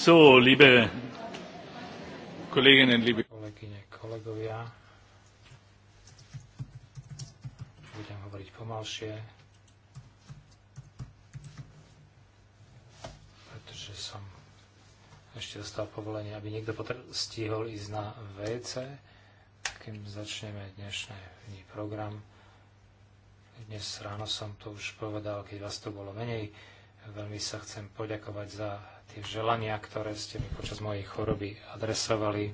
So, liebe Kolleginnen, liebe kolegyne, kolegovia, budem hovoriť pomalšie, pretože som ešte dostal povolenie, aby niekto stihol ísť na WC, kým začneme dnešný program. Dnes ráno som to už povedal, keď vás to bolo menej Veľmi sa chcem poďakovať za tie želania, ktoré ste mi počas mojej choroby adresovali.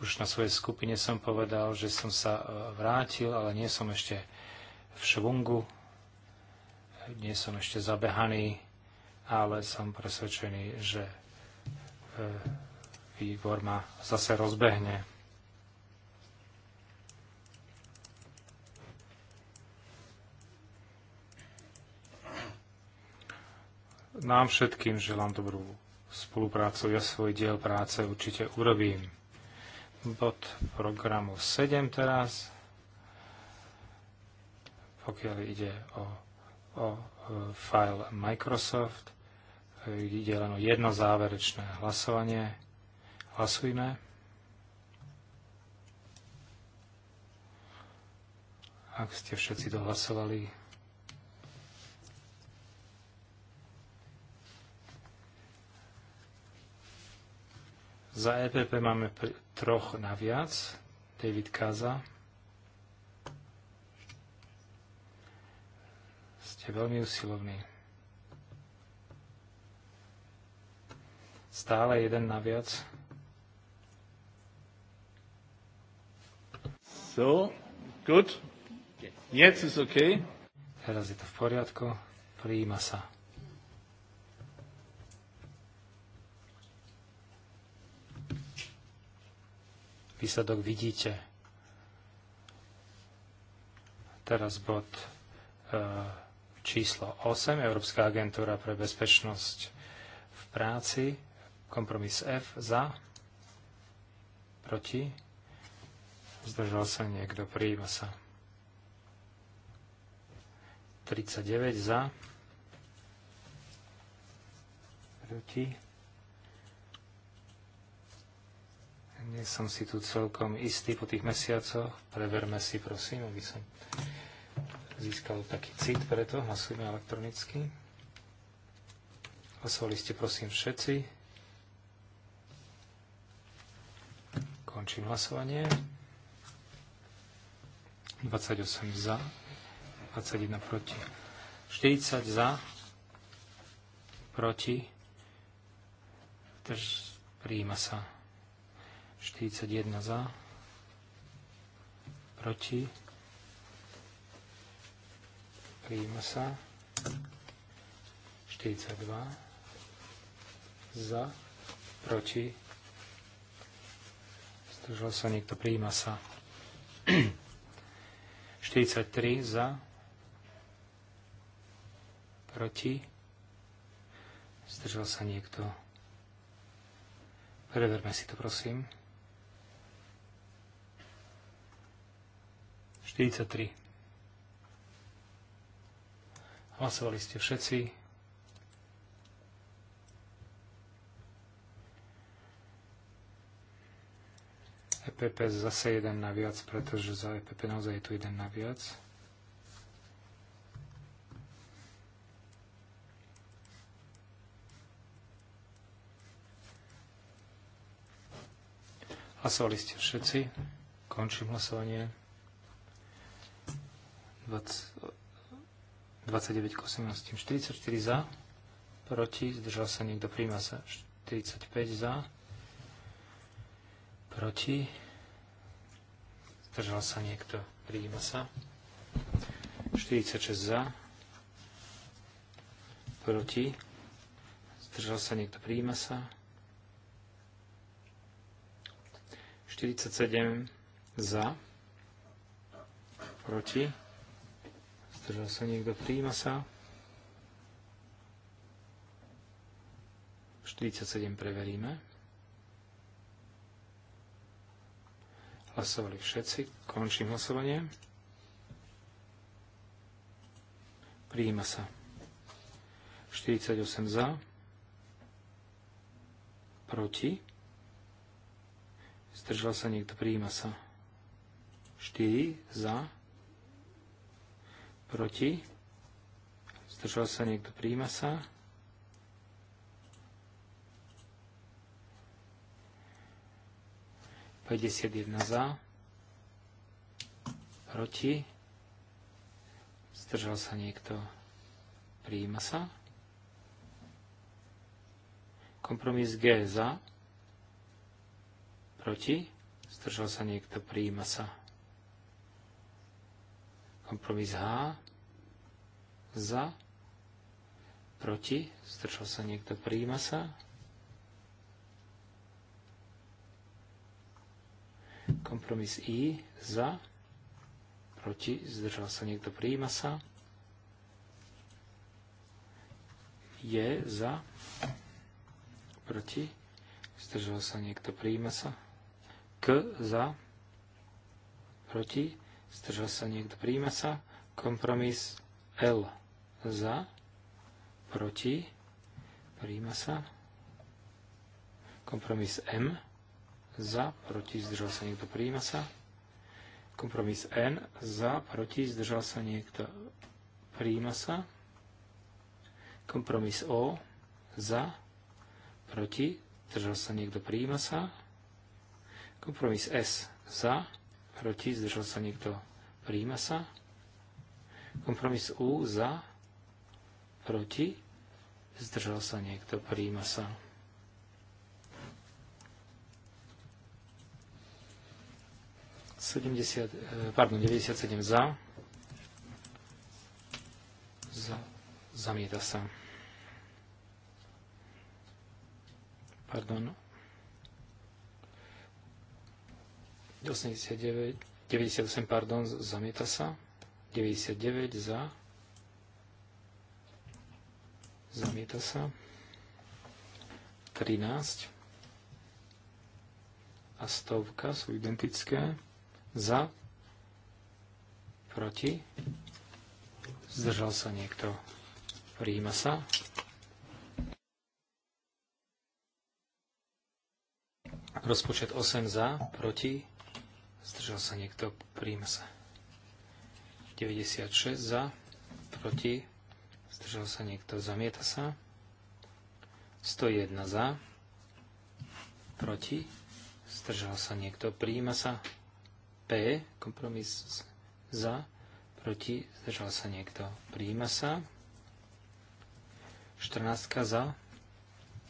Už na svojej skupine som povedal, že som sa e, vrátil, ale nie som ešte v švungu, nie som ešte zabehaný, ale som presvedčený, že e, výbor ma zase rozbehne. Nám všetkým želám dobrú spoluprácu. Ja svoj diel práce určite urobím. Bod programu 7 teraz, pokiaľ ide o, o file Microsoft, e, ide len o jedno záverečné hlasovanie. Hlasujme. Ak ste všetci dohlasovali, Za EPP máme troch naviac. David Kaza. Ste veľmi usilovní. Stále jeden naviac. So, good. Yes, it's okay. Teraz je to v poriadku. Prijíma sa. výsledok vidíte. Teraz bod e, číslo 8, Európska agentúra pre bezpečnosť v práci, kompromis F za, proti, zdržal sa niekto, prijíma sa. 39 za, proti, Nie som si tu celkom istý po tých mesiacoch. Preverme si, prosím, aby som získal taký cit, to. hlasujme elektronicky. Hlasovali ste, prosím, všetci. Končím hlasovanie. 28 za, 21 proti. 40 za, proti. Takže prijíma sa. 41 za, proti, príjima sa, 42 za, proti, zdržal sa niekto, príjima sa, 43 za, proti, zdržal sa niekto, preverme si to prosím. 43. Hlasovali ste všetci. EPP zase jeden na viac, pretože za EPP naozaj je tu jeden na viac. Hlasovali ste všetci. Končím hlasovanie. 29 k 18, 44 za, proti, zdržal sa niekto, príjma sa 45 za, proti, zdržal sa niekto, príjma sa 46 za, proti, zdržal sa niekto, príjma sa 47 za, proti, Zdržal sa niekto? Príjima sa. 47 preveríme. Hlasovali všetci. Končím hlasovanie. Príjima sa. 48 za. Proti. Zdržal sa niekto. Príjima sa. 4 za proti, zdržal sa niekto, príjma sa. Päťdesiat jedna za, proti, zdržal sa niekto, príjma sa. Kompromis G za, proti, zdržal sa niekto, príjma sa. Kompromis H. Za. Proti. Zdržal sa niekto. Prijíma sa. Kompromis I. Za. Proti. Zdržal sa niekto. Prijíma sa. Je. Za. Proti. Zdržal sa niekto. Prijíma sa. K. Za. Proti Zdržal sa niekto? Príjma sa. Kompromis L za. Proti. Príjma sa. Kompromis M za. Proti. Zdržal sa niekto? Príjma sa. Kompromis N za. Proti. Zdržal sa niekto? Príjma sa. Kompromis O za. Proti. Zdržal sa niekto? Príjma sa. Kompromis S za proti, zdržal sa niekto, príjma sa. Kompromis U za, proti, zdržal sa niekto, príjma sa. E, pardon, 97 za, za, zamieta sa. Pardon, 89, 98, pardon, zamieta sa. 99 za. Zamieta sa. 13 a stovka sú identické. Za. Proti. Zdržal sa niekto. Príjima sa. Rozpočet 8 za, proti, Zdržal sa niekto? Príjme sa. 96 za. Proti. Zdržal sa niekto? Zamieta sa. 101 za. Proti. Zdržal sa niekto? Príjme sa. P. Kompromis za. Proti. Zdržal sa niekto? Príjme sa. 14 za.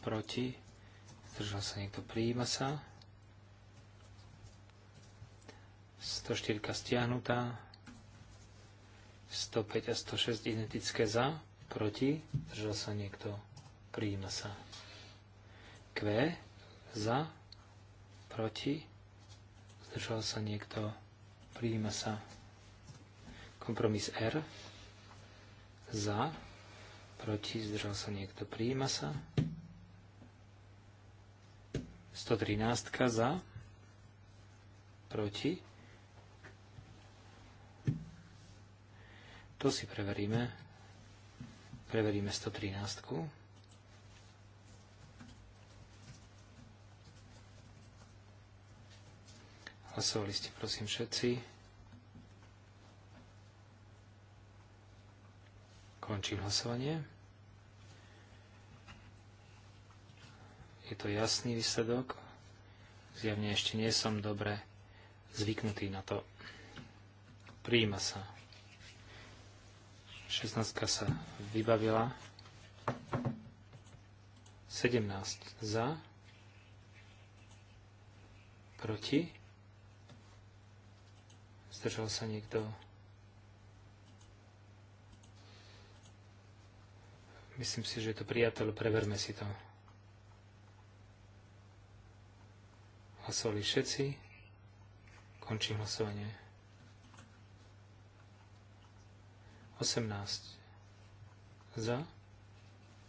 Proti. Zdržal sa niekto? Príjme sa. 104 stiahnutá, 105 a 106 identické za, proti, držal sa niekto, prijíma sa. Q, za, proti, zdržal sa niekto, prijíma sa. Kompromis R, za, proti, zdržal sa niekto, prijíma sa. 113 za, proti, To si preveríme. Preveríme 113. Hlasovali ste, prosím, všetci. Končím hlasovanie. Je to jasný výsledok. Zjavne ešte nie som dobre zvyknutý na to. Príjima sa. 16 sa vybavila. 17 za. Proti. Zdržal sa niekto. Myslím si, že je to priateľ, preverme si to. Hlasovali všetci. Končím hlasovanie. 18 za,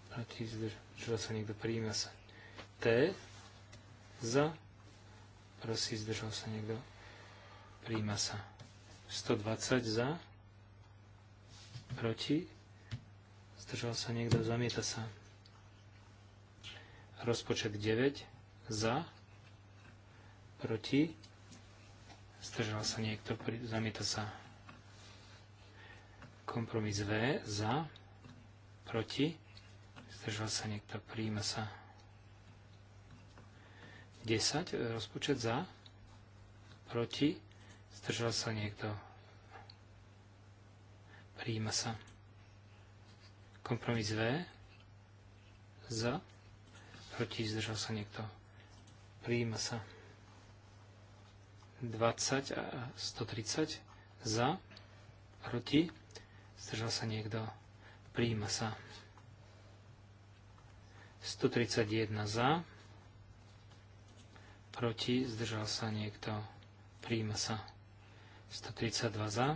proti, zdržal sa niekto, príjme sa. T za, prosí, zdržal sa niekto, Príjma sa. 120 za, proti, zdržal sa niekto, zamieta sa. Rozpočet 9 za, proti, zdržal sa niekto, zamieta sa. Kompromis V za, proti, zdržal sa niekto, príjma sa 10, rozpočet za, proti, zdržal sa niekto, príjma sa. Kompromis V za, proti, zdržal sa niekto, príjma sa. 20 a 130 za, proti, Zdržal sa niekto? Príjima sa. 131 za. Proti. Zdržal sa niekto? Príjima sa. 132 za.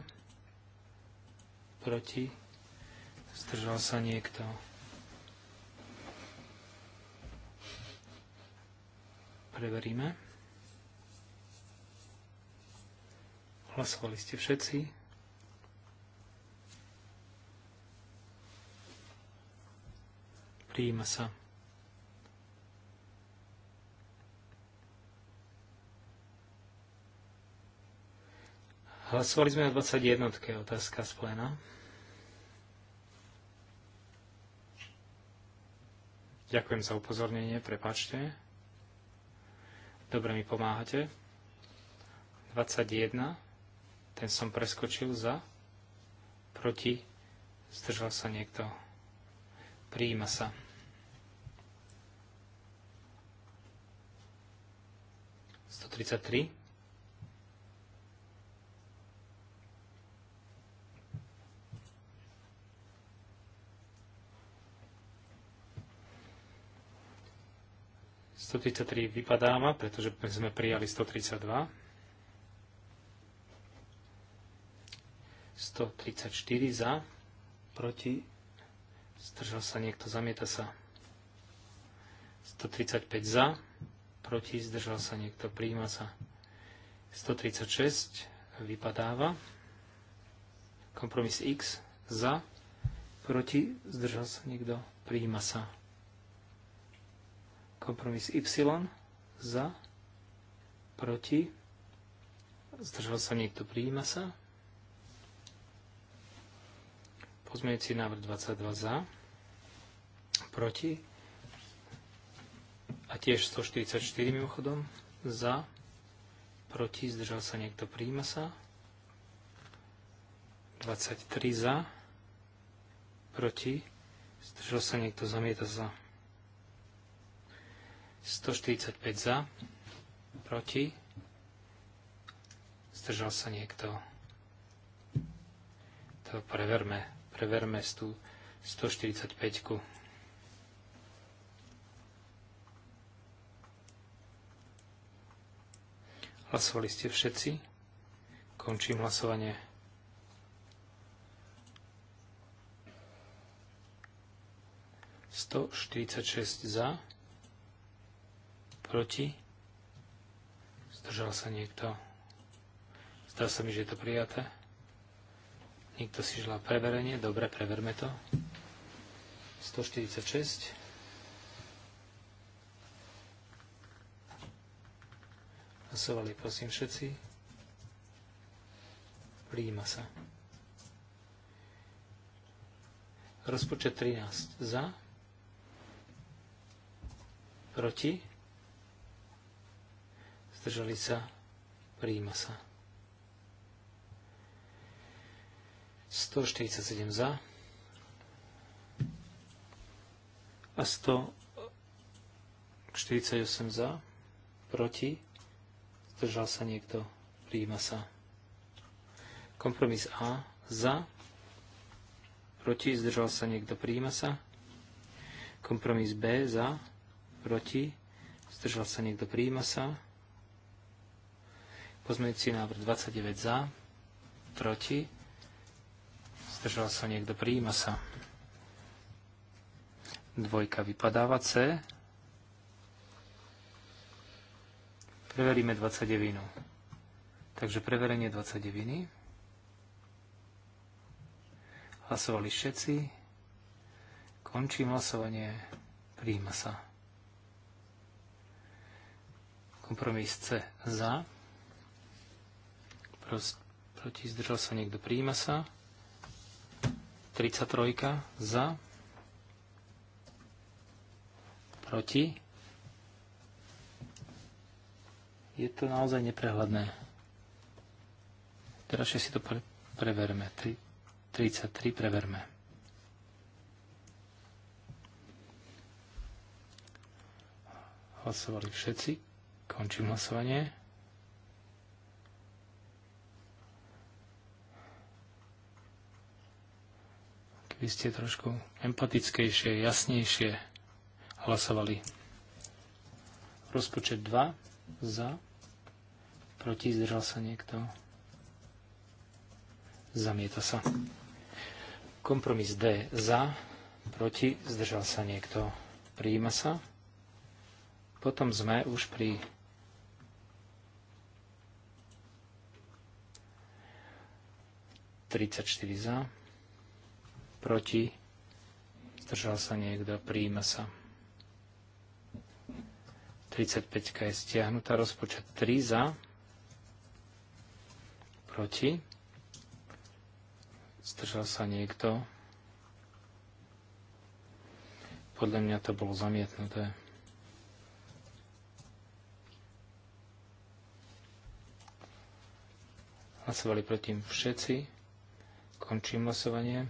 Proti. Zdržal sa niekto? Preveríme. Hlasovali ste všetci. prijíma sa. Hlasovali sme o 21. Otázka z pléna. Ďakujem za upozornenie, prepačte. Dobre mi pomáhate. 21. Ten som preskočil za. Proti. Zdržal sa niekto. Prijíma sa. 33. Sto vypadáva, pretože sme prijali 132. 134 za, proti, zdržal sa niekto, zamieta sa. 135 za, proti, zdržal sa niekto, príjma sa. 136 vypadáva. Kompromis X za, proti, zdržal sa niekto, príjma sa. Kompromis Y za, proti, zdržal sa niekto, príjma sa. Pozmejúci návrh 22 za, proti, a tiež 144 mimochodom za, proti, zdržal sa niekto, príjma sa. 23 za, proti, zdržal sa niekto, zamieta za. 145 za, proti, zdržal sa niekto. To preverme, preverme tú 145. -ku. Hlasovali ste všetci? Končím hlasovanie. Sto štyridsaťšesť za, proti, zdržal sa niekto. Zdá sa mi, že je to prijaté. Niekto si želá preverenie. Dobre, preverme to. 146. Hlasovali prosím všetci. Príjima sa. Rozpočet 13 za. Proti. Zdržali sa. Príjima sa. 147 za. A 148 za. Proti Zdržal sa niekto? príjima sa. Kompromis A. Za. Proti. Zdržal sa niekto? príjima sa. Kompromis B. Za. Proti. Zdržal sa niekto? príjima sa. Pozmeňujúci návrh 29 za. Proti. Zdržal sa niekto? príjima sa. Dvojka vypadáva. C. Preveríme 29. Takže preverenie 29. Hlasovali všetci. Končím hlasovanie. príjma sa. Kompromis C za. Proti zdržal sa niekto. príjma. sa. 33 za. Proti Je to naozaj neprehľadné. Teraz si to pre, preverme. 3, 33 preverme. Hlasovali všetci. Končím hlasovanie. Keby ste trošku empatickejšie, jasnejšie hlasovali. Rozpočet 2 za Proti? Zdržal sa niekto? Zamieta sa. Kompromis D za. Proti? Zdržal sa niekto? Prijíma sa. Potom sme už pri ...34 za, proti, zdržal sa niekto, prijíma sa. 35 je stiahnutá, rozpočet 3 za, Proti? Zdržal sa niekto? Podľa mňa to bolo zamietnuté. Hlasovali proti všetci. Končím hlasovanie.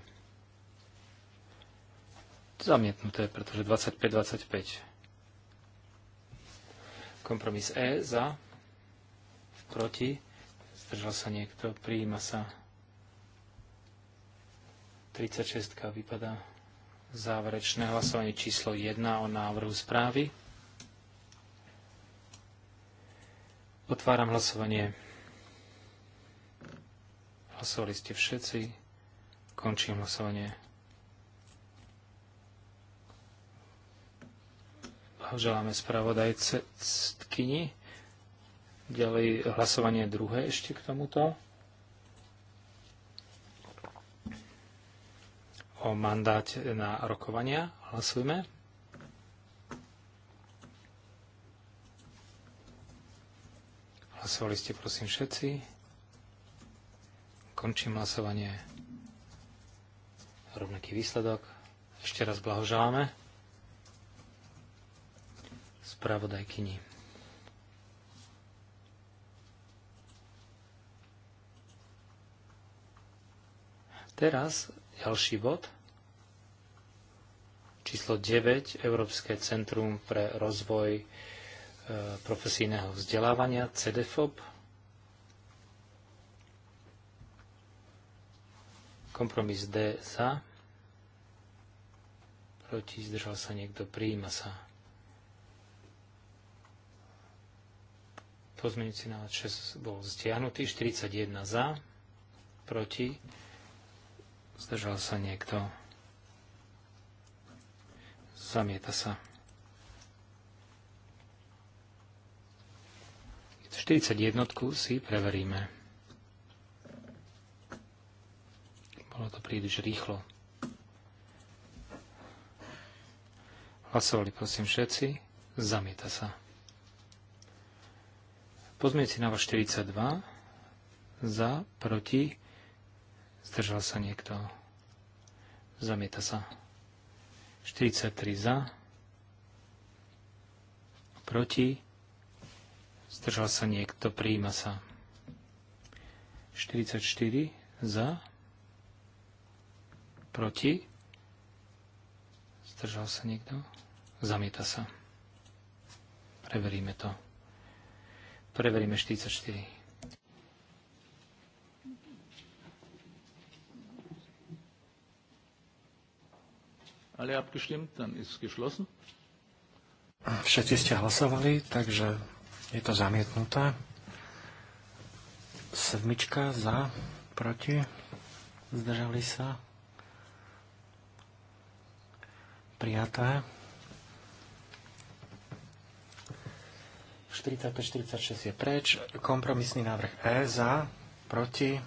Zamietnuté, pretože 25-25. Kompromis E za, proti, Zdržal sa niekto? Prijíma sa. 36 vypadá záverečné hlasovanie číslo 1 o návrhu správy. Otváram hlasovanie. Hlasovali ste všetci. Končím hlasovanie. Blahoželáme spravodajkyni. Ďalej hlasovanie druhé ešte k tomuto. O mandáte na rokovania hlasujme. Hlasovali ste prosím všetci. Končím hlasovanie. Rovnaký výsledok. Ešte raz blahoželáme spravodajkyni. Teraz ďalší bod. Číslo 9. Európske centrum pre rozvoj e, profesijného vzdelávania CDFOB. Kompromis D za. Proti zdržal sa niekto, prijíma sa. Pozmeňujúci návrh 6 bol stiahnutý, 41 za, proti Zdržal sa niekto? Zamieta sa. 41 si preveríme. Bolo to príliš rýchlo. Hlasovali prosím všetci. Zamieta sa. Pozmieť si na 42. Za, proti, Zdržal sa niekto? Zamieta sa. 43 za. Proti. Zdržal sa niekto? Príjima sa. 44 za. Proti. Zdržal sa niekto? Zamieta sa. Preveríme to. Preveríme 44. Alle abgestimmt, dann ist geschlossen. Všetci ste hlasovali, takže je to zamietnuté. Sedmička za, proti, zdržali sa. Prijaté. 45-46 je preč. Kompromisný návrh E za, proti,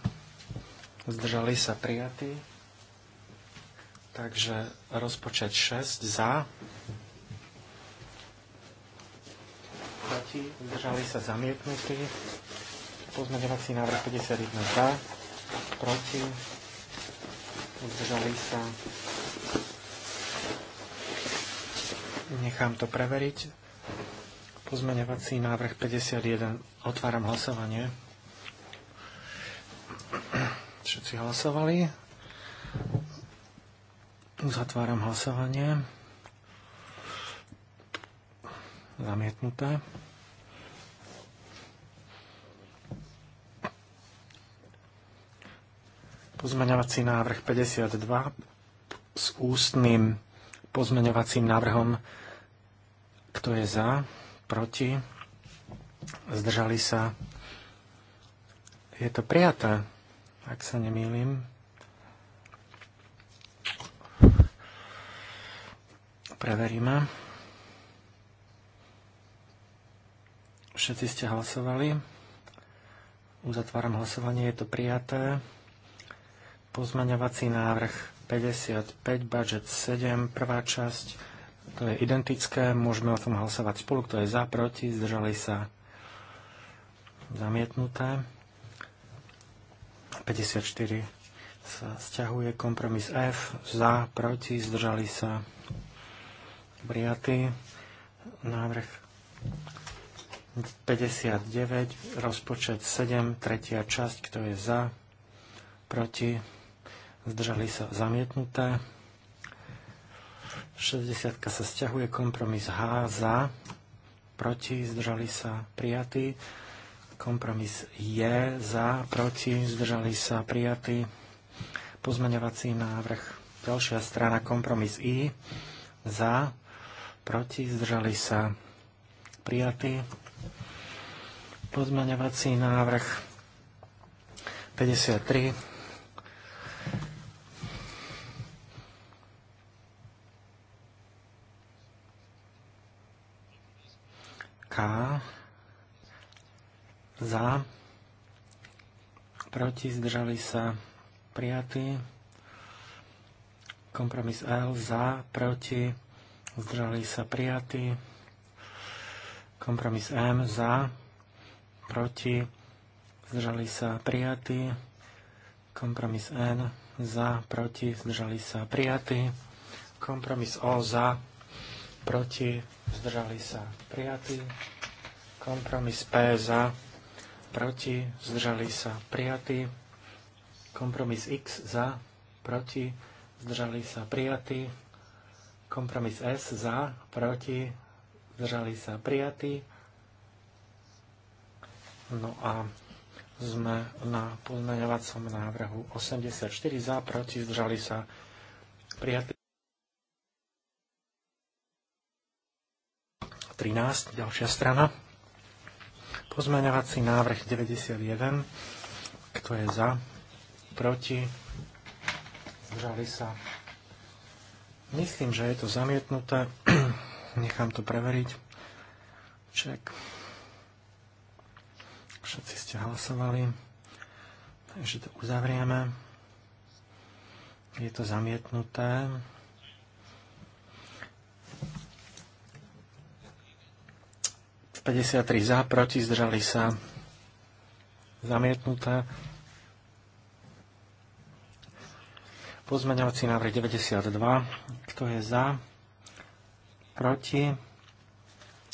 zdržali sa prijatí. Takže rozpočet 6 za. Proti. Zdržali sa zamietnutí. Pozmeňovací návrh 51 za. Proti. Zdržali sa. Nechám to preveriť. Pozmeňovací návrh 51. Otváram hlasovanie. Všetci hlasovali. Uzatváram hlasovanie. Zamietnuté. Pozmeňovací návrh 52 s ústnym pozmeňovacím návrhom. Kto je za? Proti? Zdržali sa? Je to prijaté, ak sa nemýlim. preveríme. Všetci ste hlasovali. Uzatváram hlasovanie, je to prijaté. Pozmaňovací návrh 55, budget 7, prvá časť. To je identické, môžeme o tom hlasovať spolu. Kto je za, proti, zdržali sa zamietnuté. 54 sa stiahuje kompromis F, za, proti, zdržali sa prijatý. Návrh 59, rozpočet 7, tretia časť, kto je za, proti, zdržali sa zamietnuté. 60 sa stiahuje, kompromis H za, proti, zdržali sa prijatý. Kompromis je za, proti, zdržali sa prijatý. Pozmeňovací návrh, ďalšia strana, kompromis I za, proti, zdržali sa prijatí. Pozmaňovací návrh 53. K za proti zdržali sa prijatí kompromis L za proti zdržali sa prijatí. Kompromis M za, proti, zdržali sa prijatí. Kompromis N za, proti, zdržali sa prijatí. Kompromis O za, proti, zdržali sa prijatí. Kompromis P za, proti, zdržali sa prijatí. Kompromis X za, proti, zdržali sa prijatí Kompromis S za, proti, zdržali sa prijatí. No a sme na pozmeňovacom návrhu 84 za, proti, zdržali sa prijatí. 13, ďalšia strana. Pozmeňovací návrh 91. Kto je za? Proti? Zdržali sa? Myslím, že je to zamietnuté. Nechám to preveriť. Ček. Všetci ste hlasovali. Takže to uzavrieme. Je to zamietnuté. V 53 za, proti, zdržali sa. Zamietnuté. Pozmeňovací návrh 92. Kto je za? Proti?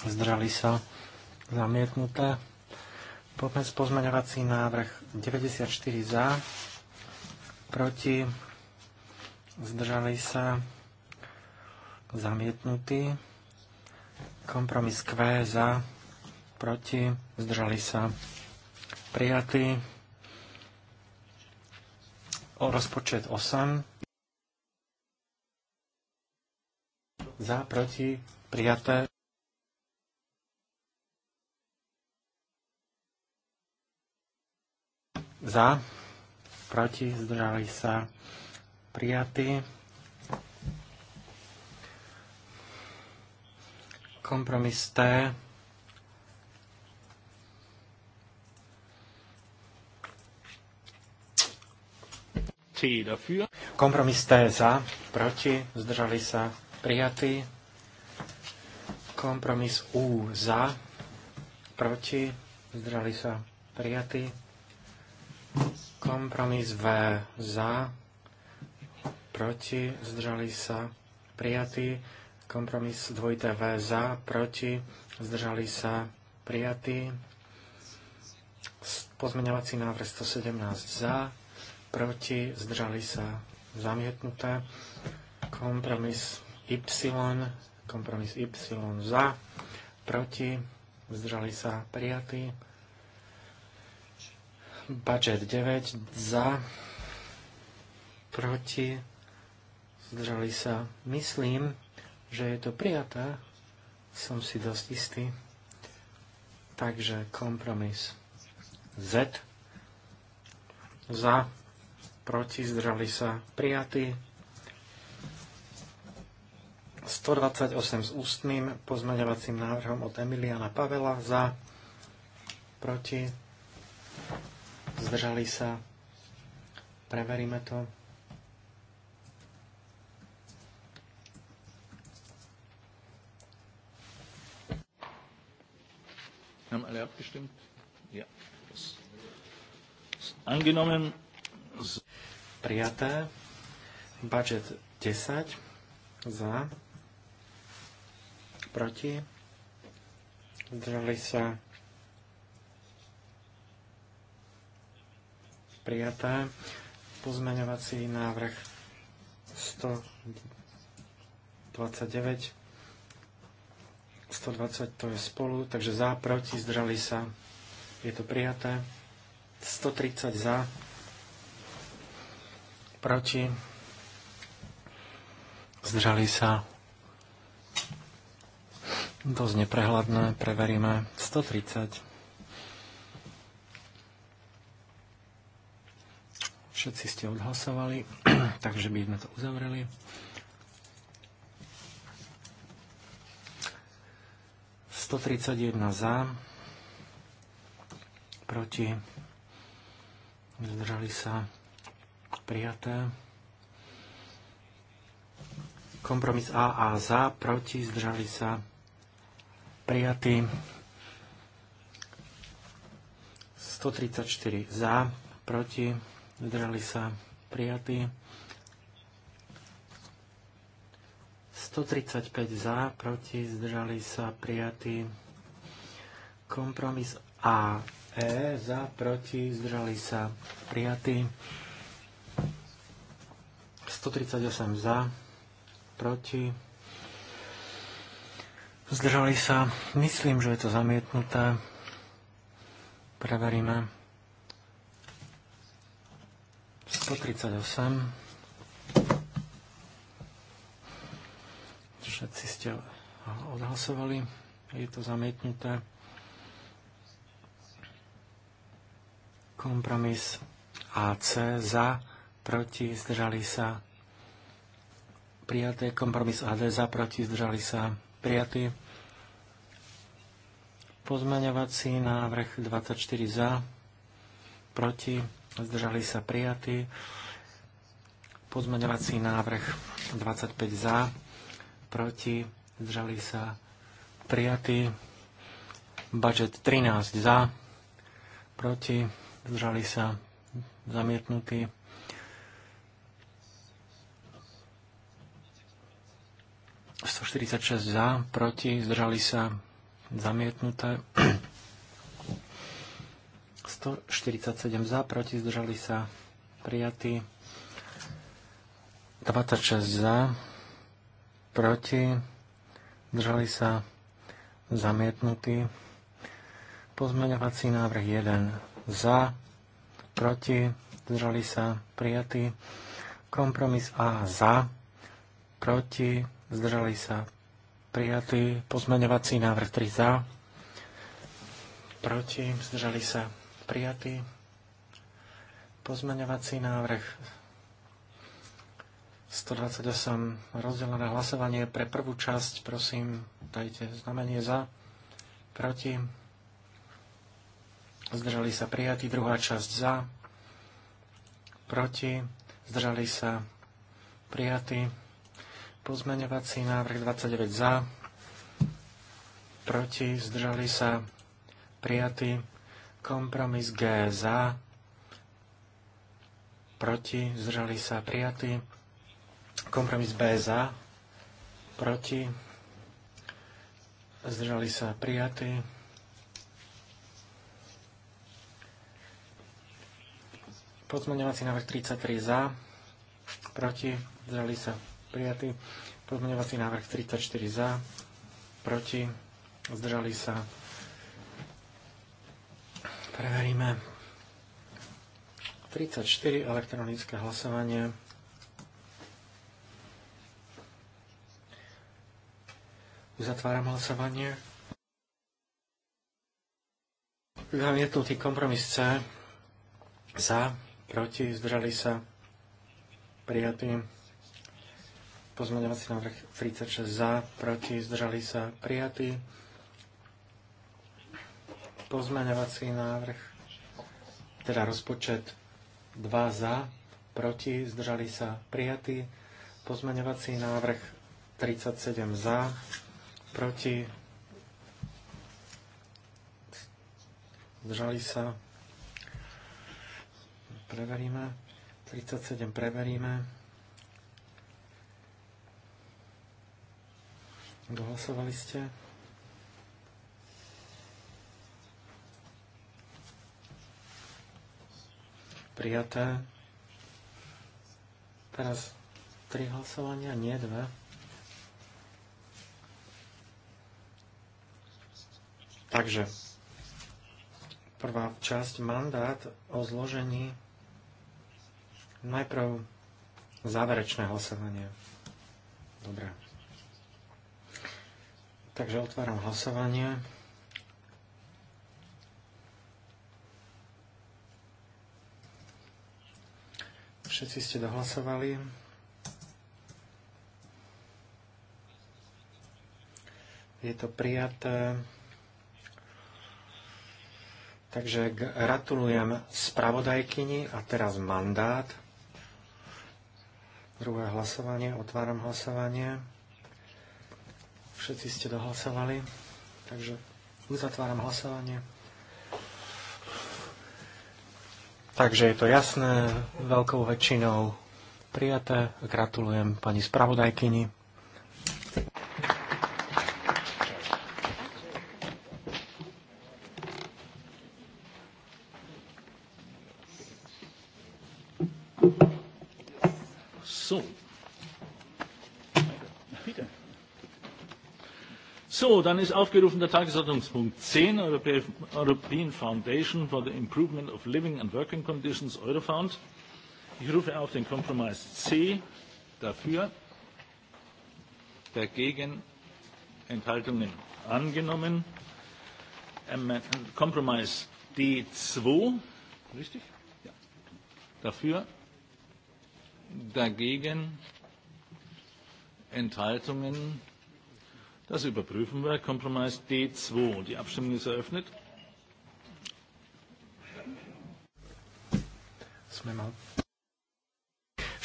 Zdrali sa? Zamietnuté. Poďme pozmeňovací návrh 94 za, proti, zdržali sa, zamietnutý. Kompromis Q za, proti, zdržali sa, prijatý o rozpočet 8. Za, proti, prijaté. Za, proti, zdržali sa, prijatí. Kompromis T dafür. Kompromis T za, proti, zdržali sa, prijatý. Kompromis U za, proti, zdržali sa, prijatý. Kompromis V za, proti, zdržali sa, prijatý. Kompromis dvojité V za, proti, zdržali sa, prijatý. Pozmeňovací návrh 117 za, proti, zdržali sa zamietnuté. Kompromis Y, kompromis Y za, proti, zdržali sa prijatí. Budget 9 za, proti, zdržali sa. Myslím, že je to prijaté, som si dosť istý. Takže kompromis Z za, proti, zdržali sa prijatí. 128 s ústnym pozmeňovacím návrhom od Emiliana Pavela za, proti, zdržali sa. Preveríme to. Haben alle abgestimmt? Ja. Angenommen prijaté. Budget 10 za, proti, zdržali sa prijaté. Pozmeňovací návrh 129 120 to je spolu, takže za, proti, zdržali sa, je to prijaté. 130 za, proti, zdržali sa, dosť neprehľadné, preveríme, 130. Všetci ste odhlasovali, takže by sme to uzavreli. Sto tridsať jedna za, proti, zdržali sa prijaté. Kompromis A a za, proti, zdržali sa, prijatý. 134 za, proti, zdržali sa, prijatý. 135 za, proti, zdržali sa, prijatý. Kompromis A, E, za, proti, zdržali sa, prijatý. 138 za, proti, zdržali sa. Myslím, že je to zamietnuté. Preveríme. 138. Všetci ste odhlasovali. Je to zamietnuté. Kompromis AC za, proti, zdržali sa Prijaté. Kompromis AD za, proti, zdržali sa. Prijatý. Pozmeňovací návrh 24 za, proti, zdržali sa. Prijatý. Pozmeňovací návrh 25 za, proti, zdržali sa. Prijatý. Budget 13 za, proti, zdržali sa. Zamietnutý. 146 za, proti, zdržali sa zamietnuté. 147 za, proti, zdržali sa prijatí. 26 za, proti, zdržali sa zamietnutí. Pozmeňovací návrh 1 za, proti, zdržali sa prijatí. Kompromis A za, proti, zdržali sa prijatý pozmeňovací návrh 3 za, proti, zdržali sa prijatý pozmeňovací návrh 128 rozdelené hlasovanie pre prvú časť, prosím, dajte znamenie za, proti, zdržali sa prijatí, druhá časť za, proti, zdržali sa prijatí. Pozmeňovací návrh 29 za, proti, zdržali sa, prijatý. Kompromis G za, proti, zdržali sa, prijatý. Kompromis B za, proti, zdržali sa, prijatý. Pozmeňovací návrh 33 za, proti, zdržali sa, prijatý. Pozmeňovací návrh 34 za, proti, zdržali sa. Preveríme. 34 elektronické hlasovanie. Uzatváram hlasovanie. Zamietnutý kompromis C. Za, proti, zdržali sa. Prijatým. Pozmeňovací návrh 36 za, proti, zdržali sa prijatí. Pozmeňovací návrh, teda rozpočet 2 za, proti, zdržali sa prijatí. Pozmeňovací návrh 37 za, proti, zdržali sa. Preveríme. 37 preveríme. Dohlasovali ste? Prijaté. Teraz tri hlasovania, nie dve. Takže prvá časť mandát o zložení najprv záverečné hlasovanie. Dobre. Takže otváram hlasovanie. Všetci ste dohlasovali. Je to prijaté. Takže gratulujem spravodajkyni a teraz mandát. Druhé hlasovanie, otváram hlasovanie. Všetci ste dohlasovali, takže uzatváram hlasovanie. Takže je to jasné, veľkou väčšinou prijaté. Gratulujem pani spravodajkyni. dann ist aufgerufen der Tagesordnungspunkt 10, European Foundation for the Improvement of Living and Working Conditions, Eurofound. Ich rufe auf den Kompromiss C dafür, dagegen Enthaltungen angenommen. Kompromiss D2, richtig? Ja. Dafür, dagegen Enthaltungen angenommen Das überprüfen wir. Kompromiss D2. Die Abstimmung ist eröffnet.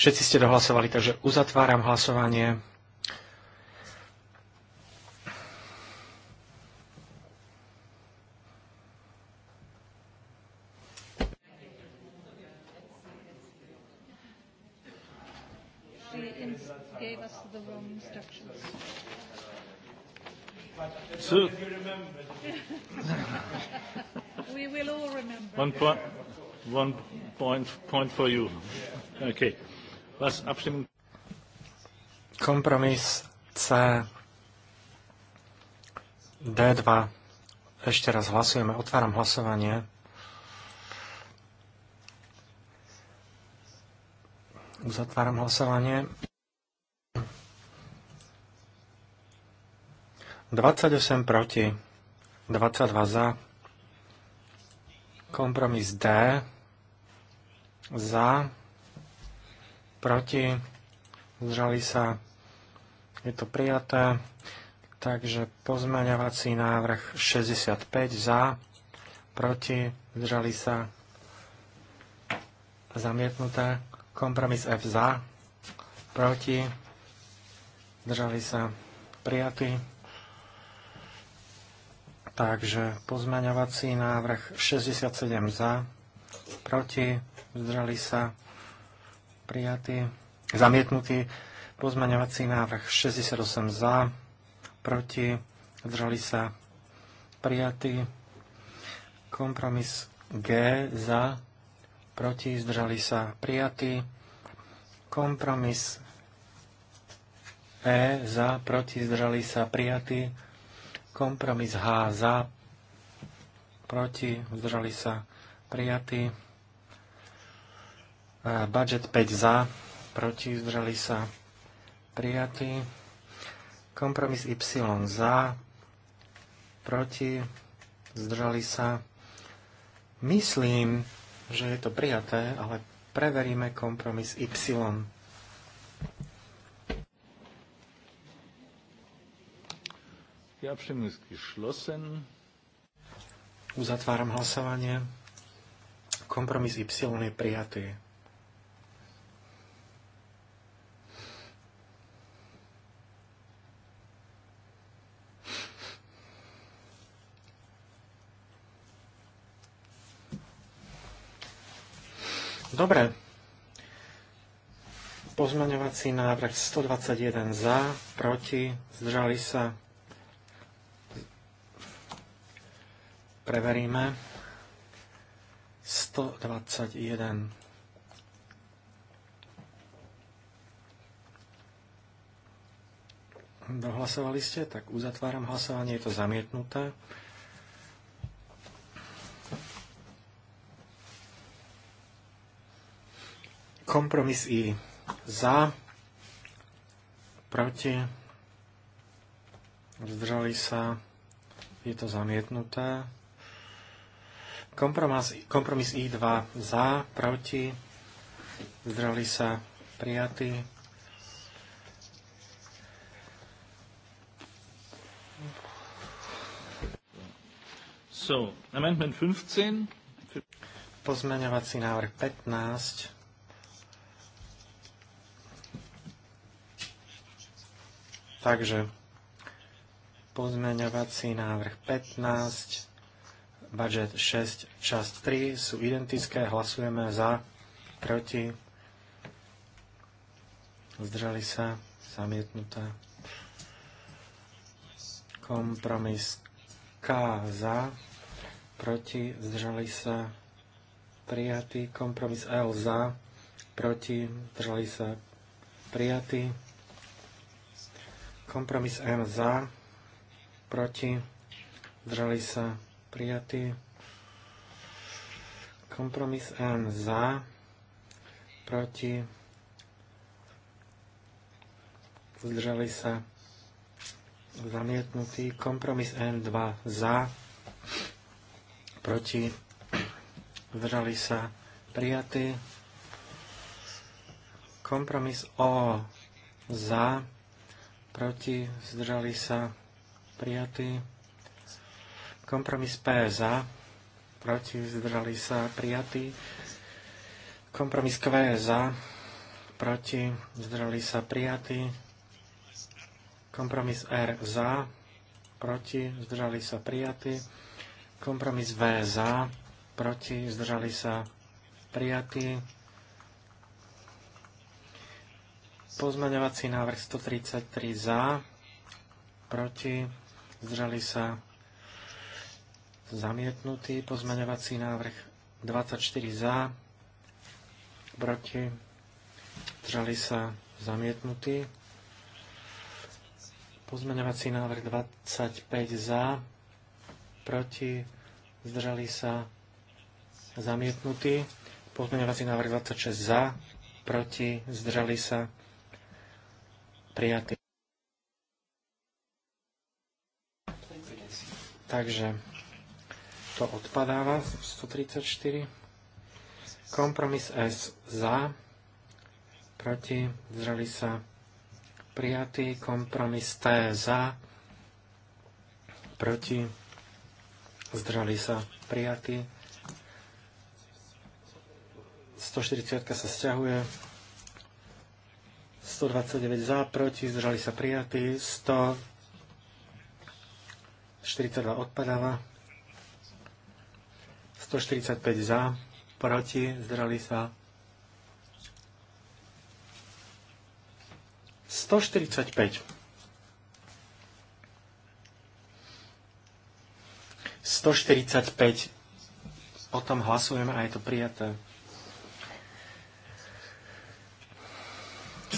Všetci ste dohlasovali, takže uzatváram hlasovanie. one point, point for you. Okay. Was Abstimmung? Kompromis C D2. Ešte raz hlasujeme. Otváram hlasovanie. Uzatváram hlasovanie. 28 proti, 22 za. Kompromis D za, proti, zdržali sa, je to prijaté. Takže pozmeňovací návrh 65 za, proti, zdržali sa, zamietnuté. Kompromis F za, proti, zdržali sa, prijatý. Takže pozmeňovací návrh 67 za, proti, zdržali sa, prijatý, zamietnutý, pozmaňovací návrh 68 za, proti, zdržali sa, prijatý, kompromis G za, proti, zdržali sa, prijatý, kompromis E za, proti, zdržali sa, prijatý, kompromis H za, proti, zdržali sa, prijatý, Budget 5 za, proti, zdržali sa prijatý, Kompromis Y za, proti, zdržali sa. Myslím, že je to prijaté, ale preveríme kompromis Y. Uzatváram hlasovanie. Kompromis Y je prijatý. Dobre. Pozmeňovací návrh 121 za, proti, zdržali sa. Preveríme. 121. Dohlasovali ste? Tak uzatváram hlasovanie, je to zamietnuté. Kompromis I za, proti, zdržali sa, je to zamietnuté. Kompromis, kompromis I2 za, proti, zdržali sa, prijatý. So, amendment 15. Pozmeňovací návrh 15 Takže pozmeňovací návrh 15, budget 6, časť 3 sú identické, hlasujeme za, proti, zdržali sa, zamietnuté. Kompromis K za, proti, zdržali sa, prijatý. Kompromis L za, proti, zdržali sa, prijatý Kompromis M za, proti, zdržali sa prijatí. Kompromis M za, proti, zdržali sa zamietnutý. Kompromis N2 za, proti, zdržali sa prijatí. Kompromis O za, proti, proti, zdržali sa, prijatý. Kompromis P za, proti, zdržali sa, prijatý. Kompromis Q za, proti, zdržali sa, prijatý. Kompromis R za, proti, zdržali sa, prijatý. Kompromis V za, proti, zdržali sa, prijatý Pozmeňovací návrh 133 za, proti, zdržali sa zamietnutý. Pozmeňovací návrh 24 za, proti, zdržali sa zamietnutý. Pozmeňovací návrh 25 za, proti, zdržali sa zamietnutý. Pozmeňovací návrh 26 za, proti, zdržali sa prijatý. Takže to odpadáva 134. Kompromis S za, proti, zreli sa prijatý. Kompromis T za, proti, zdrali sa prijatý. 140 sa stiahuje. 129 za, proti, zdržali sa prijatí, 142 odpadáva, 145 za, proti, zdržali sa 145. 145. O tom hlasujeme a je to prijaté.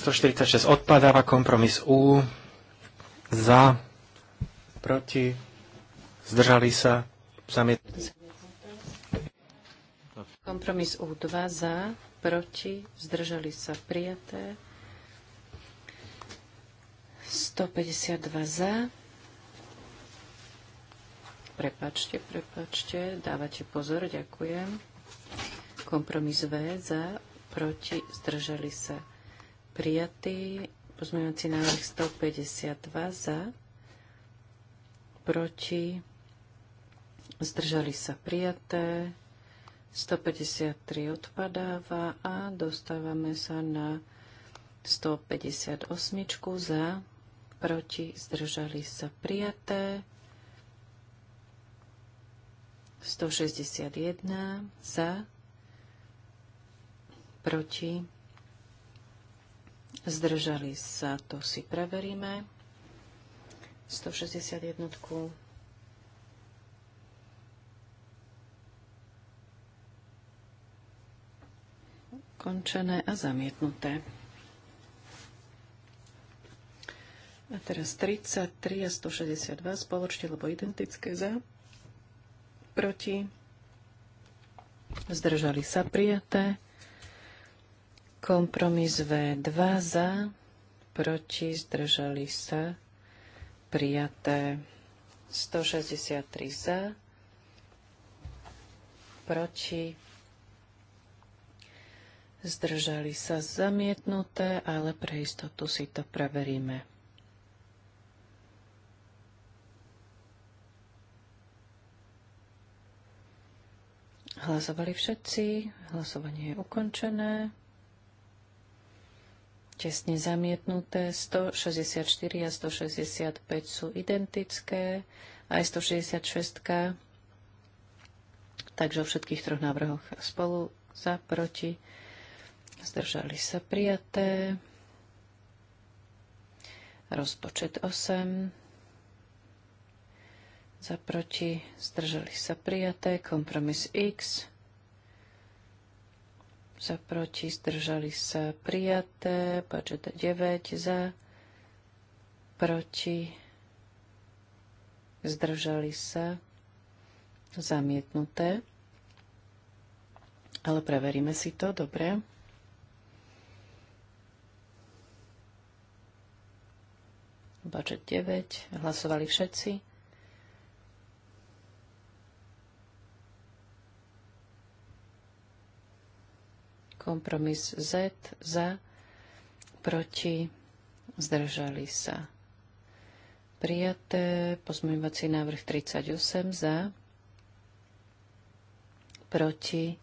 146 odpadáva, kompromis U, za, proti, zdržali sa, zamietnutí. Kompromis U2 za, proti, zdržali sa, prijaté. 152 za. Prepačte, prepačte, dávate pozor, ďakujem. Kompromis V za, proti, zdržali sa, Prijatý pozmeňujúci návrh 152 za, proti, zdržali sa prijaté, 153 odpadáva a dostávame sa na 158 za, proti, zdržali sa prijaté, 161 za, proti, Zdržali sa, to si preveríme. 161. Končené a zamietnuté. A teraz 33 a 162 spoločne, lebo identické za, proti, zdržali sa prijaté. Kompromis V2 za, proti, zdržali sa, prijaté 163 za, proti, zdržali sa zamietnuté, ale pre istotu si to preveríme. Hlasovali všetci, hlasovanie je ukončené tesne zamietnuté. 164 a 165 sú identické, aj 166. Takže o všetkých troch návrhoch spolu za, proti. Zdržali sa prijaté. Rozpočet 8. Za, proti. Zdržali sa prijaté. Kompromis X za proti, zdržali sa prijaté, budžet 9 za, proti, zdržali sa zamietnuté. Ale preveríme si to, dobre. Budget 9, hlasovali všetci. Kompromis Z za, proti, zdržali sa. Prijaté pozmeňovací návrh 38 za, proti,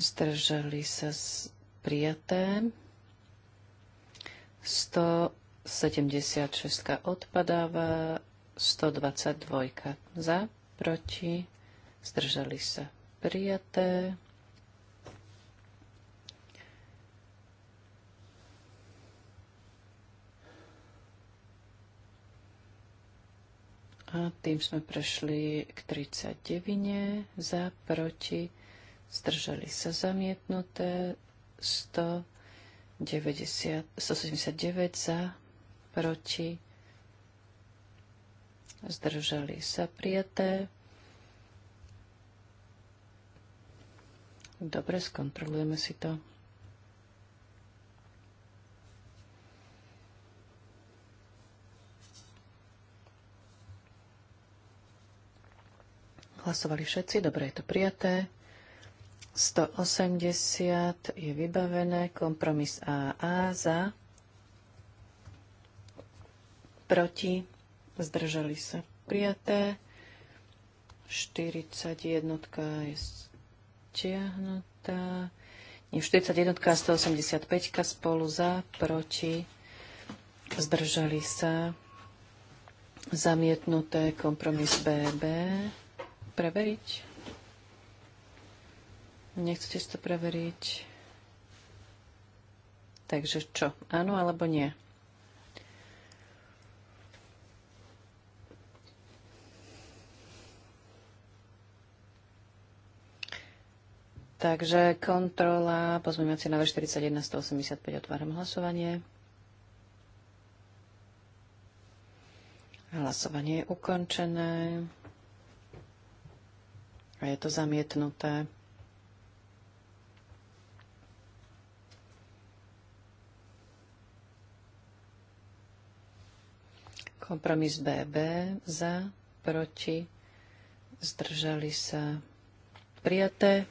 zdržali sa prijaté. 176 odpadáva, 122 za, proti, zdržali sa prijaté. A tým sme prešli k 39. Za, proti, zdržali sa zamietnuté. 190, 179 za, proti, zdržali sa prijaté. Dobre, skontrolujeme si to. Hlasovali všetci, dobre je to prijaté. 180 je vybavené, kompromis AA za, proti, zdržali sa prijaté. 41 je stiahnutá. Nie, 41 a 185 spolu za, proti, zdržali sa. Zamietnuté kompromis BB preveriť? Nechcete si to preveriť? Takže čo? Áno alebo nie? Takže kontrola, si návrh 41 185, otváram hlasovanie. Hlasovanie je ukončené. A je to zamietnuté. Kompromis BB za, proti, zdržali sa prijaté.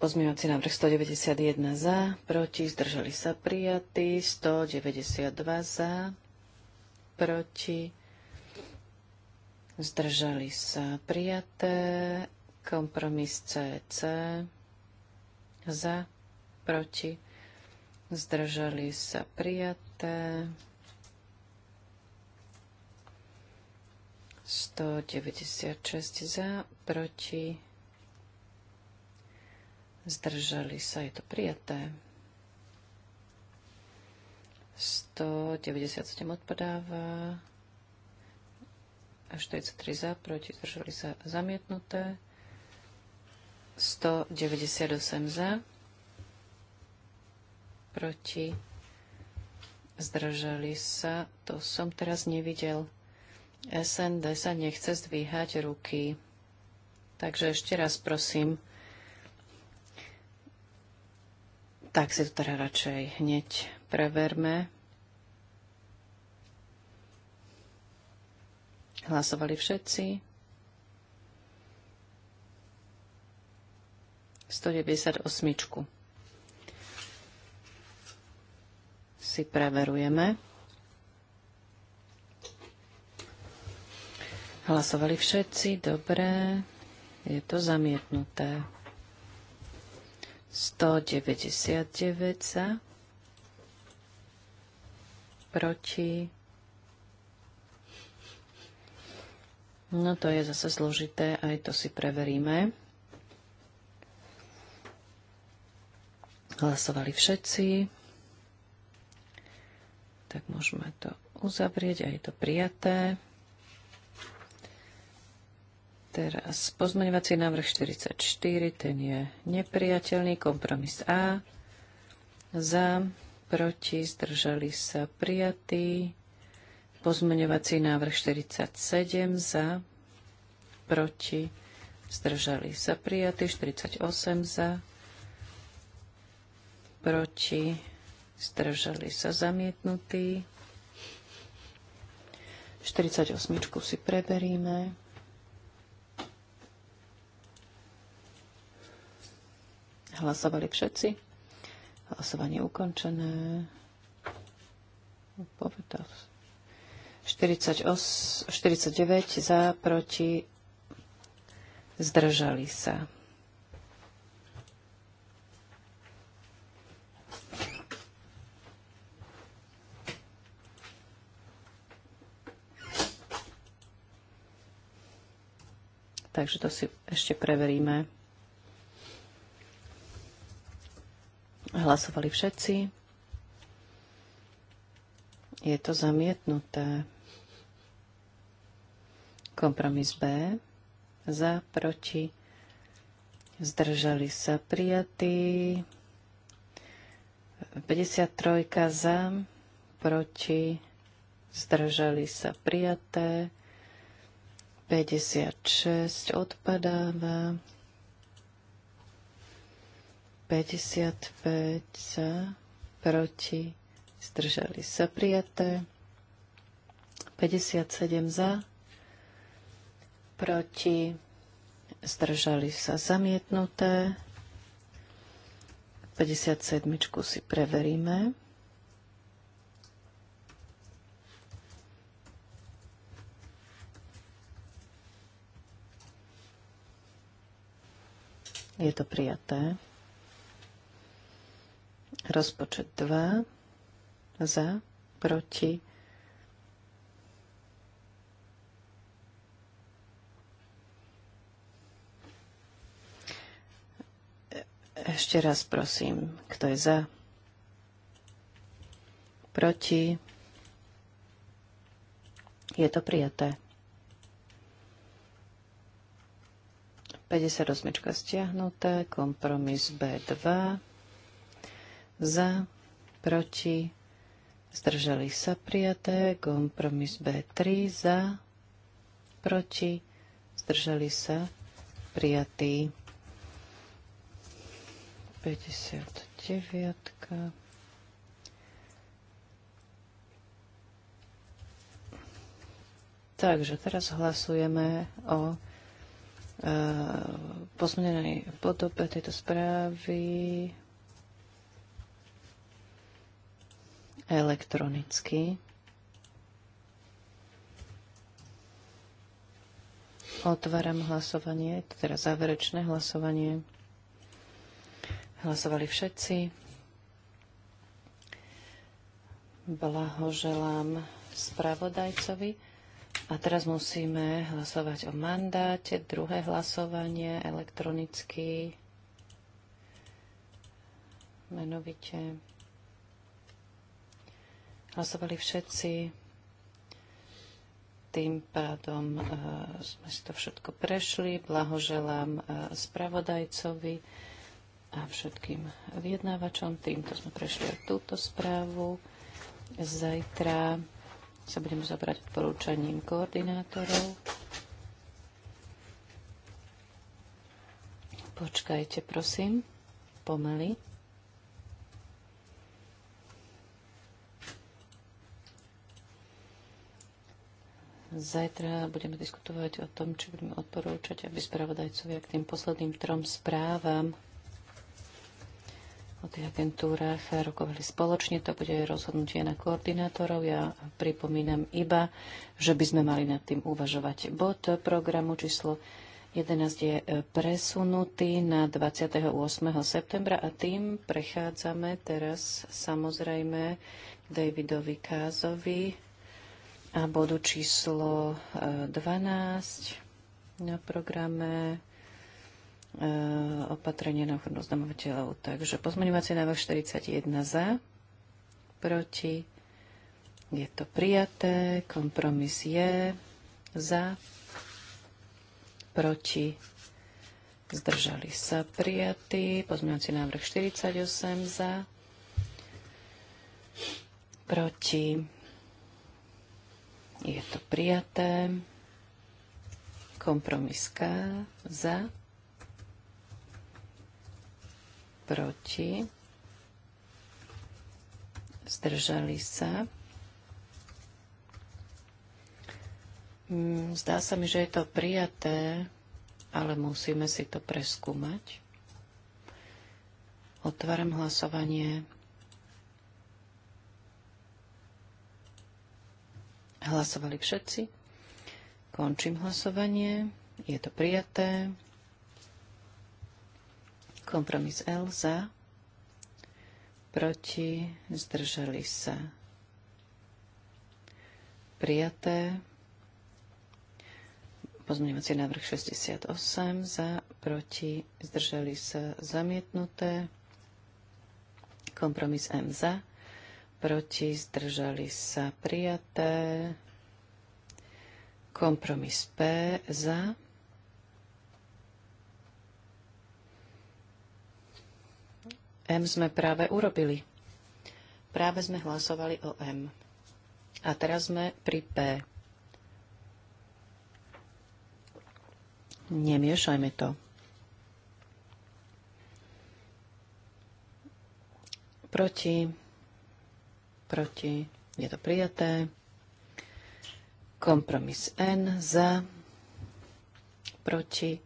Pozmývací návrh 191 za, proti, zdržali sa prijatí, 192 za, proti, Zdržali sa prijaté. Kompromis CC. Za. Proti. Zdržali sa prijaté. 196 za, proti, zdržali sa, je to prijaté. 197 odpadáva, 43 za, proti zdržali sa zamietnuté. 198 za, proti zdržali sa. To som teraz nevidel. SND sa nechce zdvíhať ruky. Takže ešte raz prosím. Tak si to teda radšej hneď preverme. Hlasovali všetci. 198. Si preverujeme. Hlasovali všetci, dobre. Je to zamietnuté. 199 za, proti No to je zase zložité, aj to si preveríme. Hlasovali všetci. Tak môžeme to uzavrieť a je to prijaté. Teraz pozmeňovací návrh 44, ten je nepriateľný, kompromis A. Za, proti, zdržali sa prijatí. Pozmeňovací návrh 47 za, proti, zdržali sa prijatý, 48 za, proti, zdržali sa zamietnutý. 48 si preberíme. Hlasovali všetci? Hlasovanie ukončené. Povedal som. 48, 49 za, proti, zdržali sa. Takže to si ešte preveríme. Hlasovali všetci. Je to zamietnuté. Kompromis B. Za, proti. Zdržali sa prijatí. 53 za, proti. Zdržali sa prijaté. 56 odpadáva. 55 za, proti. Zdržali sa prijaté. 57 za, proti, zdržali sa zamietnuté. 57 si preveríme. Je to prijaté. Rozpočet 2. Za, proti, Ešte raz prosím, kto je za? Proti? Je to prijaté. 58 stiahnuté, kompromis B2, za, proti, zdržali sa prijaté, kompromis B3, za, proti, zdržali sa prijatý. 59. Takže teraz hlasujeme o e, pozmenenej podobe tejto správy elektronicky. Otváram hlasovanie, teda záverečné hlasovanie. Hlasovali všetci. Blahoželám spravodajcovi. A teraz musíme hlasovať o mandáte. Druhé hlasovanie elektronicky. Menovite. Hlasovali všetci tým pádom eh, sme si to všetko prešli. Blahoželám eh, spravodajcovi a všetkým vyjednávačom. Týmto sme prešli aj túto správu. Zajtra sa budeme zabrať odporúčaním koordinátorov. Počkajte, prosím, pomaly. Zajtra budeme diskutovať o tom, či budeme odporúčať, aby spravodajcovia k tým posledným trom správam tých agentúrach e rokovali spoločne. To bude rozhodnutie na koordinátorov. Ja pripomínam iba, že by sme mali nad tým uvažovať. Bod programu číslo 11 je e, presunutý na 28. septembra a tým prechádzame teraz samozrejme Davidovi Kázovi a bodu číslo 12 e, na programe E, opatrenie na ochranu oznamovateľov. Takže pozmeňovací návrh 41 za, proti, je to prijaté, kompromis je za, proti, zdržali sa prijatí, pozmeňovací návrh 48 za, proti, je to prijaté, kompromiska za, proti, zdržali sa. Mm, zdá sa mi, že je to prijaté, ale musíme si to preskúmať. Otváram hlasovanie. Hlasovali všetci. Končím hlasovanie. Je to prijaté. Kompromis L za, proti, zdržali sa. Prijaté. Pozmeňovací návrh 68 za, proti, zdržali sa zamietnuté. Kompromis M za, proti, zdržali sa prijaté. Kompromis P za, M sme práve urobili. Práve sme hlasovali o M. A teraz sme pri P. Nemiešajme to. Proti. Proti. Je to prijaté. Kompromis N za. Proti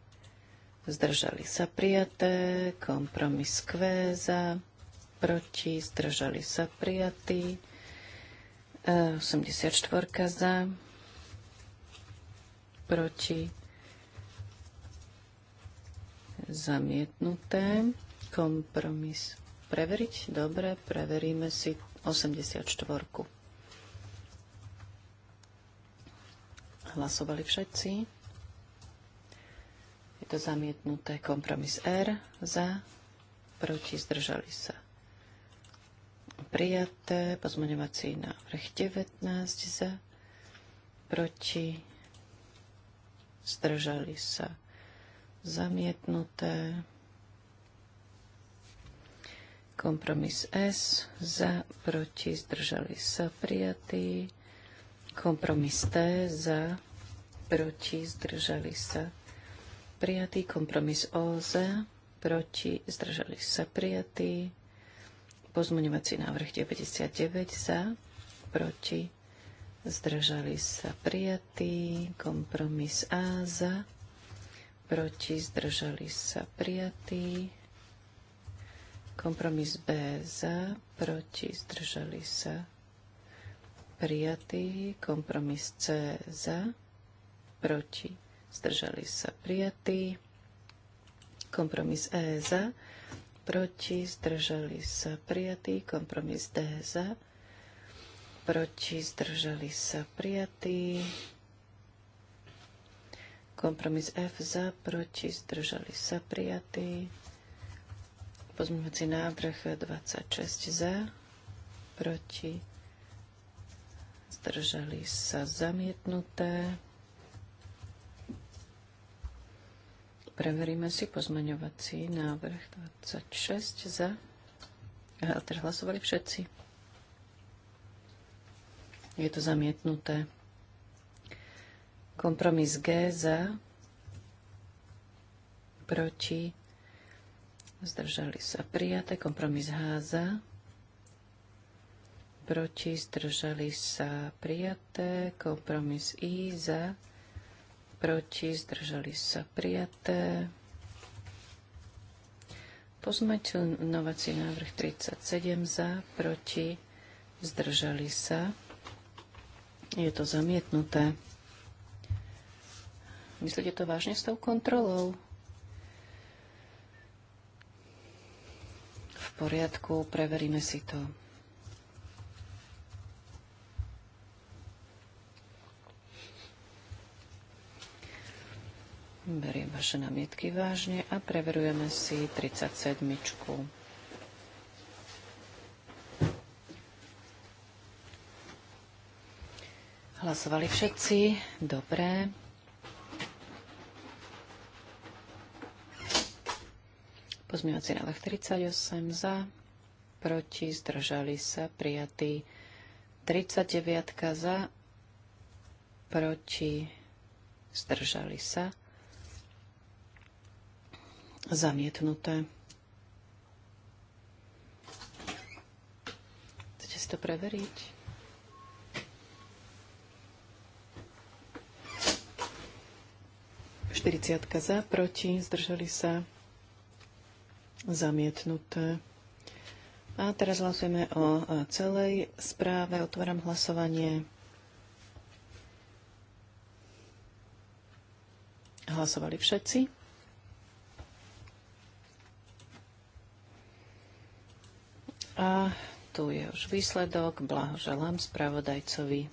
zdržali sa prijaté, kompromis kvéza, proti, zdržali sa prijatí, 84 e, za, proti, zamietnuté, kompromis. Preveriť? Dobre, preveríme si 84. Hlasovali všetci? to zamietnuté. Kompromis R za, proti, zdržali sa. Prijaté. Pozmeňovací návrh 19 za, proti, zdržali sa. Zamietnuté. Kompromis S za, proti, zdržali sa. Prijatý. Kompromis T za, proti, zdržali sa prijatý. Kompromis OZ, proti, zdržali sa prijatý. pozmuňovací návrh 99 za, proti, zdržali sa prijatý. Kompromis A za, proti, zdržali sa prijatý. Kompromis B za, proti, zdržali sa prijatý. Kompromis C za, proti, zdržali sa prijatí. Kompromis E za, proti, zdržali sa prijatí. Kompromis D za, proti, zdržali sa prijatí. Kompromis F za, proti, zdržali sa prijatí. Pozmeňovací návrh 26 za, proti, zdržali sa zamietnuté. Preveríme si pozmeňovací návrh 26 za. A teraz hlasovali všetci. Je to zamietnuté. Kompromis G za. Proti. Zdržali sa prijaté. Kompromis H za. Proti. Zdržali sa prijaté. Kompromis I za proti, zdržali sa prijaté. Pozmaťovací návrh 37 za, proti, zdržali sa. Je to zamietnuté. Myslíte to vážne s tou kontrolou? V poriadku, preveríme si to. Beriem vaše namietky vážne a preverujeme si 37. Hlasovali všetci? Dobre. Pozmývací návrh 38 za, proti, zdržali sa, prijatý 39 za, proti, zdržali sa. Zamietnuté. Chcete si to preveriť? Štyriciatka za, proti, zdržali sa. Zamietnuté. A teraz hlasujeme o celej správe. Otváram hlasovanie. Hlasovali všetci. A tu je už výsledok. Blahoželám spravodajcovi.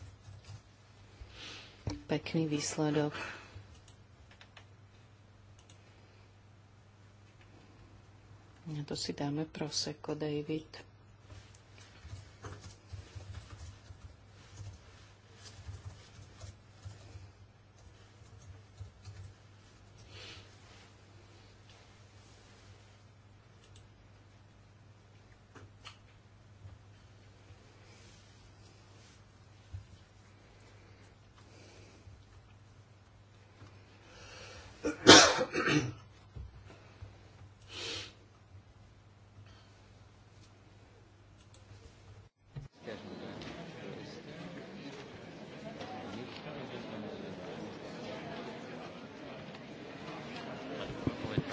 Pekný výsledok. A to si dáme proseko, David.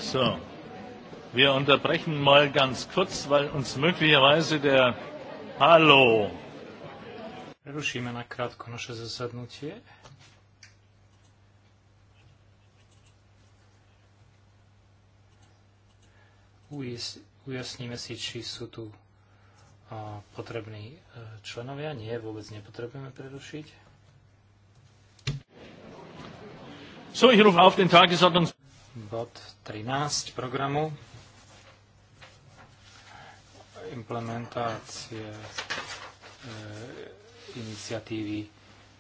So, wir unterbrechen mal ganz kurz, weil uns möglicherweise der Hallo. Prerušíme na krátko naše zasadnutie. Ujasníme si, či sú tu potrební e, členovia. Nie, vôbec nepotrebujeme prerušiť. So, ich rufe auf den Tagesordnungspunkt bod 13 programu implementácie e, iniciatívy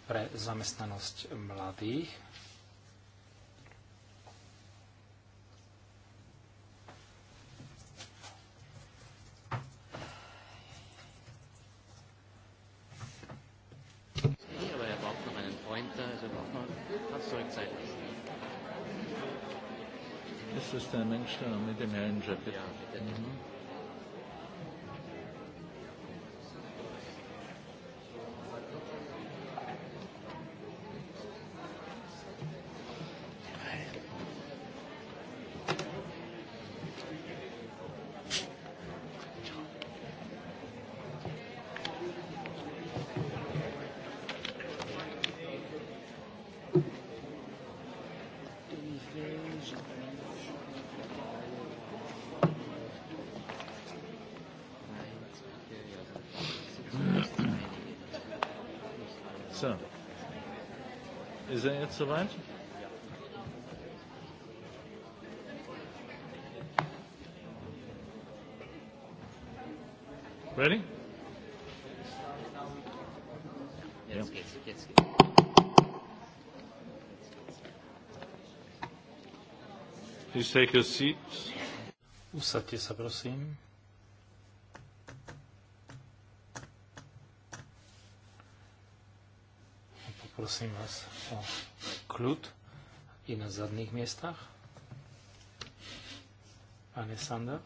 pre zamestnanosť mladých mit dem Herrn Jeppe. So. Ist er jetzt soweit? Ready? Jetzt Please take your seats. Usaďte sa, prosím. Prosím vás o kľud i na zadných miestach. Pane Sander.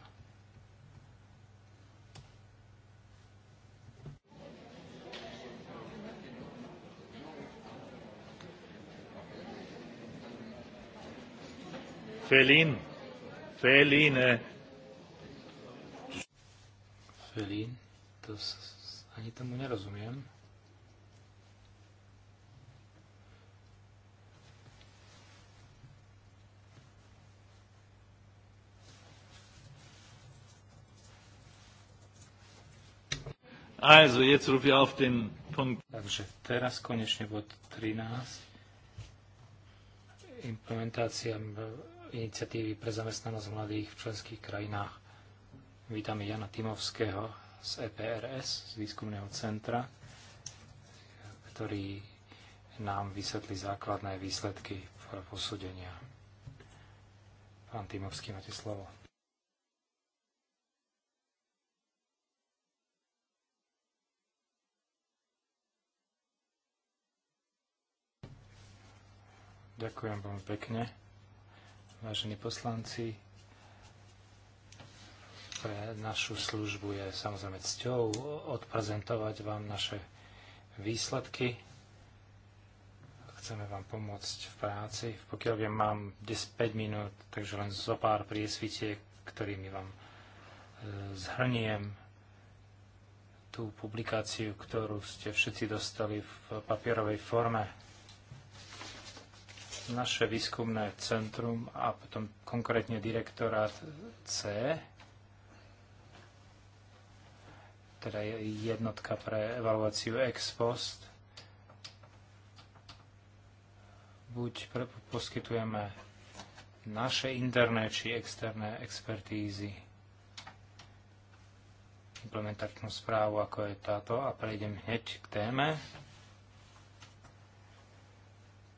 Felín. Felíne. Felín. To ani tomu nerozumiem. Also, jetzt rufe ich auf den Punkt. Takže teraz konečne bod 13. Implementácia iniciatívy pre zamestnanosť mladých v členských krajinách. Vítame Jana Timovského z EPRS, z výskumného centra, ktorý nám vysvetlí základné výsledky posúdenia. Pán Timovský, máte slovo. Ďakujem veľmi pekne. Vážení poslanci, pre našu službu je samozrejme cťou odprezentovať vám naše výsledky. Chceme vám pomôcť v práci. Pokiaľ viem, mám 10-5 minút, takže len zo pár priesvitiek, ktorými vám e, zhrniem tú publikáciu, ktorú ste všetci dostali v papierovej forme naše výskumné centrum a potom konkrétne direktorát C, teda jednotka pre evaluáciu ex post, buď poskytujeme naše interné či externé expertízy, implementačnú správu, ako je táto, a prejdem hneď k téme.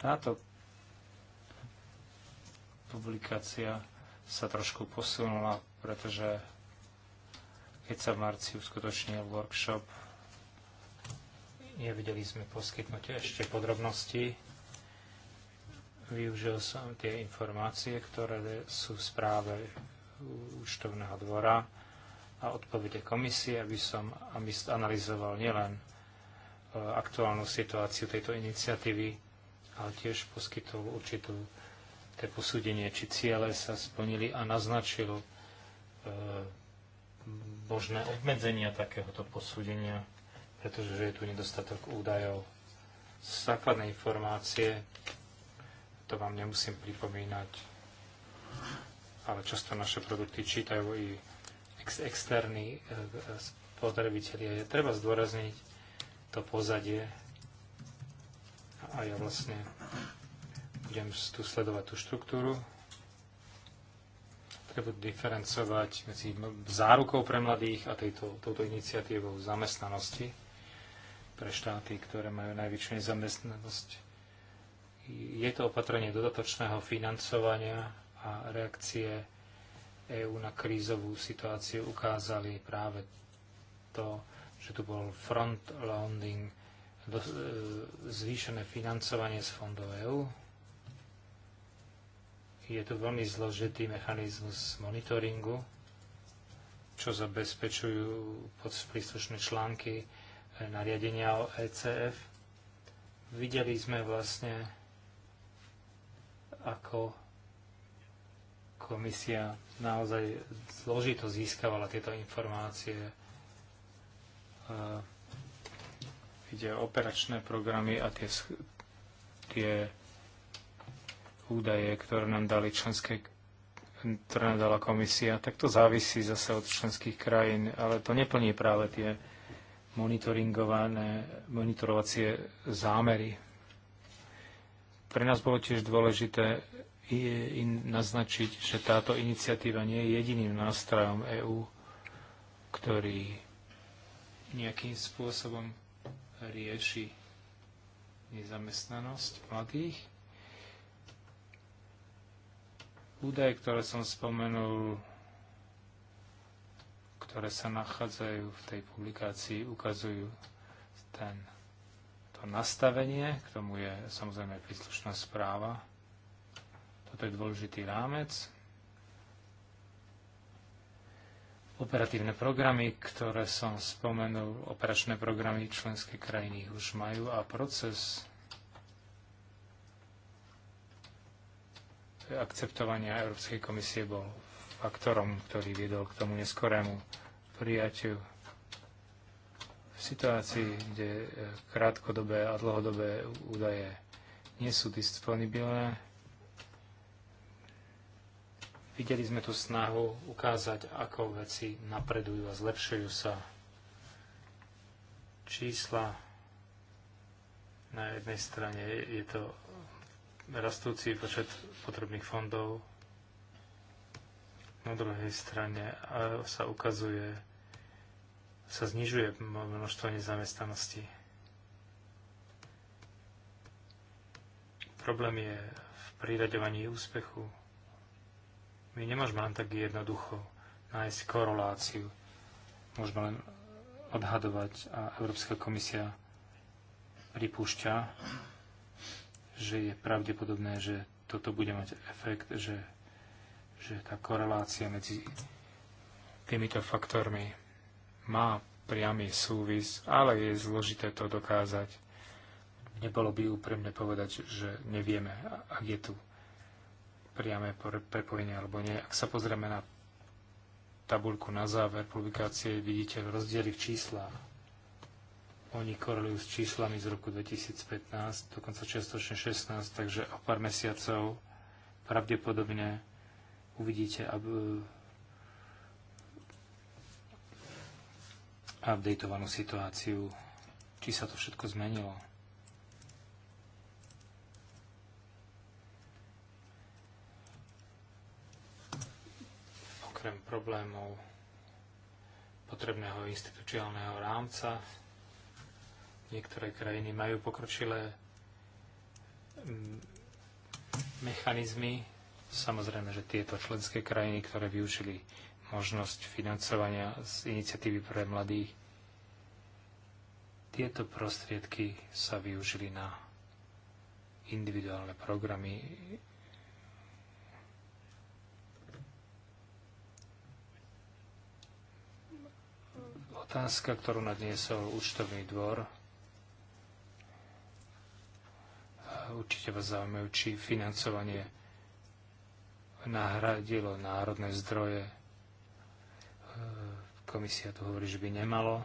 Táto publikácia sa trošku posunula, pretože keď sa v marci uskutočnil workshop, nevedeli sme poskytnúť ešte podrobnosti. Využil som tie informácie, ktoré sú v správe účtovného dvora a odpovede komisie, aby som aby analyzoval nielen e, aktuálnu situáciu tejto iniciatívy, ale tiež poskytol určitú to posúdenie, či ciele sa splnili a naznačilo e, možné obmedzenia takéhoto posúdenia, pretože je tu nedostatok údajov. základnej informácie, to vám nemusím pripomínať, ale často naše produkty čítajú i ex- externí e, e spotrebitelia. Je treba zdôrazniť to pozadie a ja vlastne budem tu sledovať tú štruktúru. Treba diferencovať medzi zárukou pre mladých a tejto, touto iniciatívou zamestnanosti pre štáty, ktoré majú najvyššiu nezamestnanosť. Je to opatrenie dodatočného financovania a reakcie EÚ na krízovú situáciu ukázali práve to, že tu bol front-loading, e, zvýšené financovanie z fondov EÚ, je tu veľmi zložitý mechanizmus monitoringu, čo zabezpečujú pod príslušné články eh, nariadenia o ECF. Videli sme vlastne, ako komisia naozaj zložito získavala tieto informácie. Eh, ide o operačné programy a tie, tie údaje, ktoré nám dali členské ktoré nám dala komisia, tak to závisí zase od členských krajín, ale to neplní práve tie monitoringované, monitorovacie zámery. Pre nás bolo tiež dôležité naznačiť, že táto iniciatíva nie je jediným nástrojom EÚ, ktorý nejakým spôsobom rieši nezamestnanosť mladých, Údaje, ktoré som spomenul, ktoré sa nachádzajú v tej publikácii, ukazujú ten, to nastavenie, k tomu je samozrejme príslušná správa. Toto je dôležitý rámec. Operatívne programy, ktoré som spomenul, operačné programy členské krajiny už majú a proces akceptovania Európskej komisie bol faktorom, ktorý viedol k tomu neskorému prijatiu v situácii, kde e, krátkodobé a dlhodobé údaje nie sú disponibilné. Videli sme tú snahu ukázať, ako veci napredujú a zlepšujú sa. Čísla na jednej strane je to rastúci počet potrebných fondov. Na druhej strane sa ukazuje, sa znižuje množstvo nezamestnanosti. Problém je v priraďovaní úspechu. My nemôžeme len tak jednoducho nájsť koreláciu. Môžeme len odhadovať a Európska komisia pripúšťa, že je pravdepodobné, že toto bude mať efekt, že, že tá korelácia medzi týmito faktormi má priamy súvis, ale je zložité to dokázať. Nebolo by úprimne povedať, že nevieme, ak je tu priame prepojenie alebo nie. Ak sa pozrieme na tabulku na záver publikácie, vidíte rozdiely v číslach oni korelujú s číslami z roku 2015, dokonca čiastočne 16, takže o pár mesiacov pravdepodobne uvidíte updatovanú situáciu, či sa to všetko zmenilo. Okrem problémov potrebného institučiálneho rámca Niektoré krajiny majú pokročilé mm, mechanizmy. Samozrejme, že tieto členské krajiny, ktoré využili možnosť financovania z iniciatívy pre mladých, tieto prostriedky sa využili na individuálne programy otázka, ktorú nadniesol účtovný dvor, určite vás zaujímajú, či financovanie nahradilo národné zdroje. E, komisia tu hovorí, že by nemalo.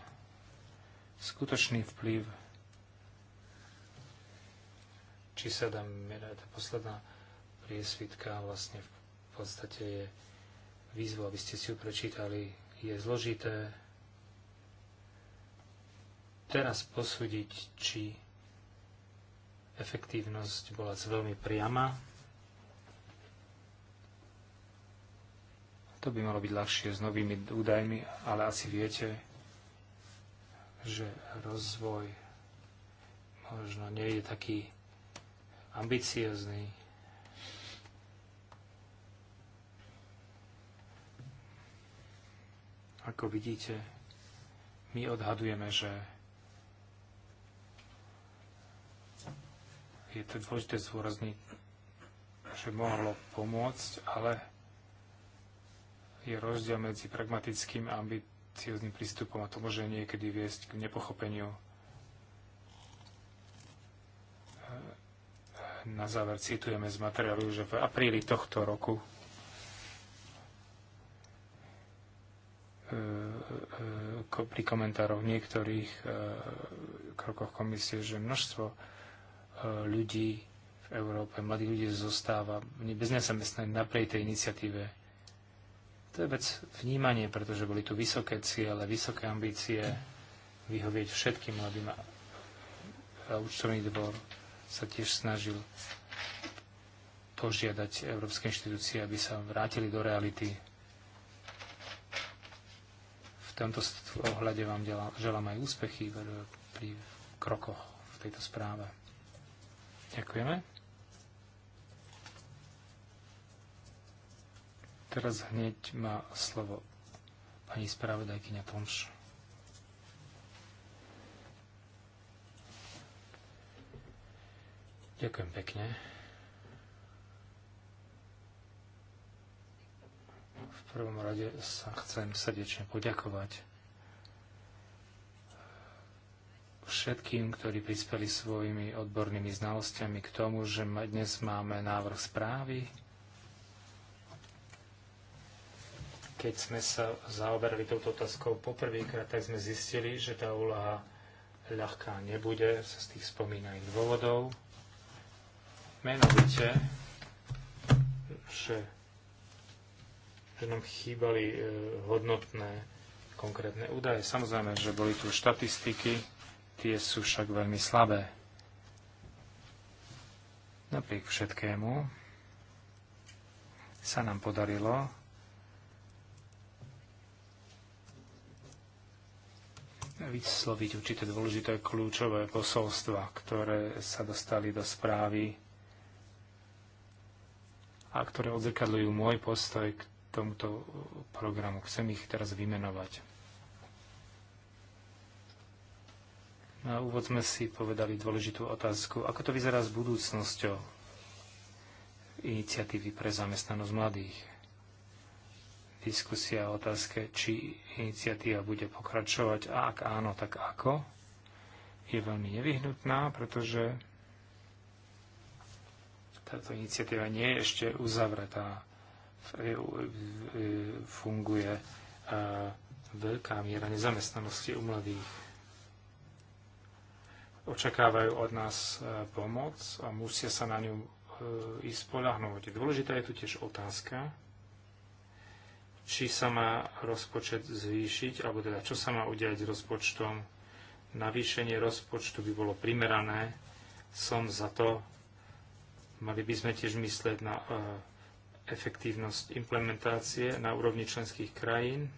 Skutočný vplyv, či sa dá merať, tá posledná priesvitka vlastne v podstate je výzvu, aby ste si ju prečítali, je zložité teraz posúdiť, či Efektívnosť bola veľmi priama. To by malo byť ľahšie s novými údajmi, ale asi viete, že rozvoj možno nie je taký ambiciozný. Ako vidíte, my odhadujeme, že je to dôležité zúrazniť, že mohlo pomôcť, ale je rozdiel medzi pragmatickým a ambiciozným prístupom a to môže niekedy viesť k nepochopeniu. Na záver citujeme z materiálu, že v apríli tohto roku e, e, e, pri komentároch niektorých krokoch komisie, že množstvo Eh, ľudí v Európe, mladých ľudí zostáva bez nezamestnaní napriek tej iniciatíve. To je vec vnímanie, pretože boli tu vysoké ciele, vysoké ambície vyhovieť všetkým mladým. A účtovný dvor sa tiež snažil požiadať európske inštitúcie, aby sa vrátili do reality. V tomto ohľade vám želám aj úspechy pri krokoch v tejto správe. Ďakujeme. Teraz hneď má slovo pani spravodajkyňa Tomš. Ďakujem pekne. V prvom rade sa chcem srdečne poďakovať všetkým, ktorí prispeli svojimi odbornými znalosťami k tomu, že dnes máme návrh správy. Keď sme sa zaoberali touto otázkou poprvýkrát, tak sme zistili, že tá úloha ľahká nebude sa z tých spomínaných dôvodov. Menovite, že, že nám chýbali e, hodnotné konkrétne údaje. Samozrejme, že boli tu štatistiky, Tie sú však veľmi slabé. Napriek všetkému sa nám podarilo vysloviť určité dôležité kľúčové posolstva, ktoré sa dostali do správy a ktoré odzrkadľujú môj postoj k tomuto programu. Chcem ich teraz vymenovať. Na úvod sme si povedali dôležitú otázku, ako to vyzerá s budúcnosťou iniciatívy pre zamestnanosť mladých. Diskusia o otázke, či iniciatíva bude pokračovať a ak áno, tak ako, je veľmi nevyhnutná, pretože táto iniciatíva nie je ešte uzavretá. E funguje e, veľká miera nezamestnanosti u mladých očakávajú od nás e, pomoc a musia sa na ňu e, ísť spolahnúť. Dôležitá je tu tiež otázka, či sa má rozpočet zvýšiť, alebo teda čo sa má udiať s rozpočtom. Navýšenie rozpočtu by bolo primerané. Som za to. Mali by sme tiež myslieť na e, efektívnosť implementácie na úrovni členských krajín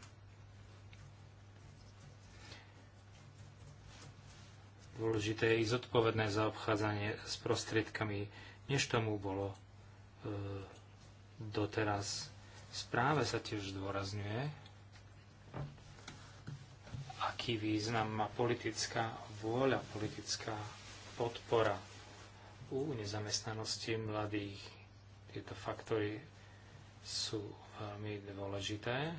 Dôležité i zodpovedné zaobchádzanie s prostriedkami, než tomu bolo e, doteraz. V správe sa tiež zdôrazňuje, aký význam má politická vôľa, politická podpora u nezamestnanosti mladých. Tieto faktory sú veľmi dôležité.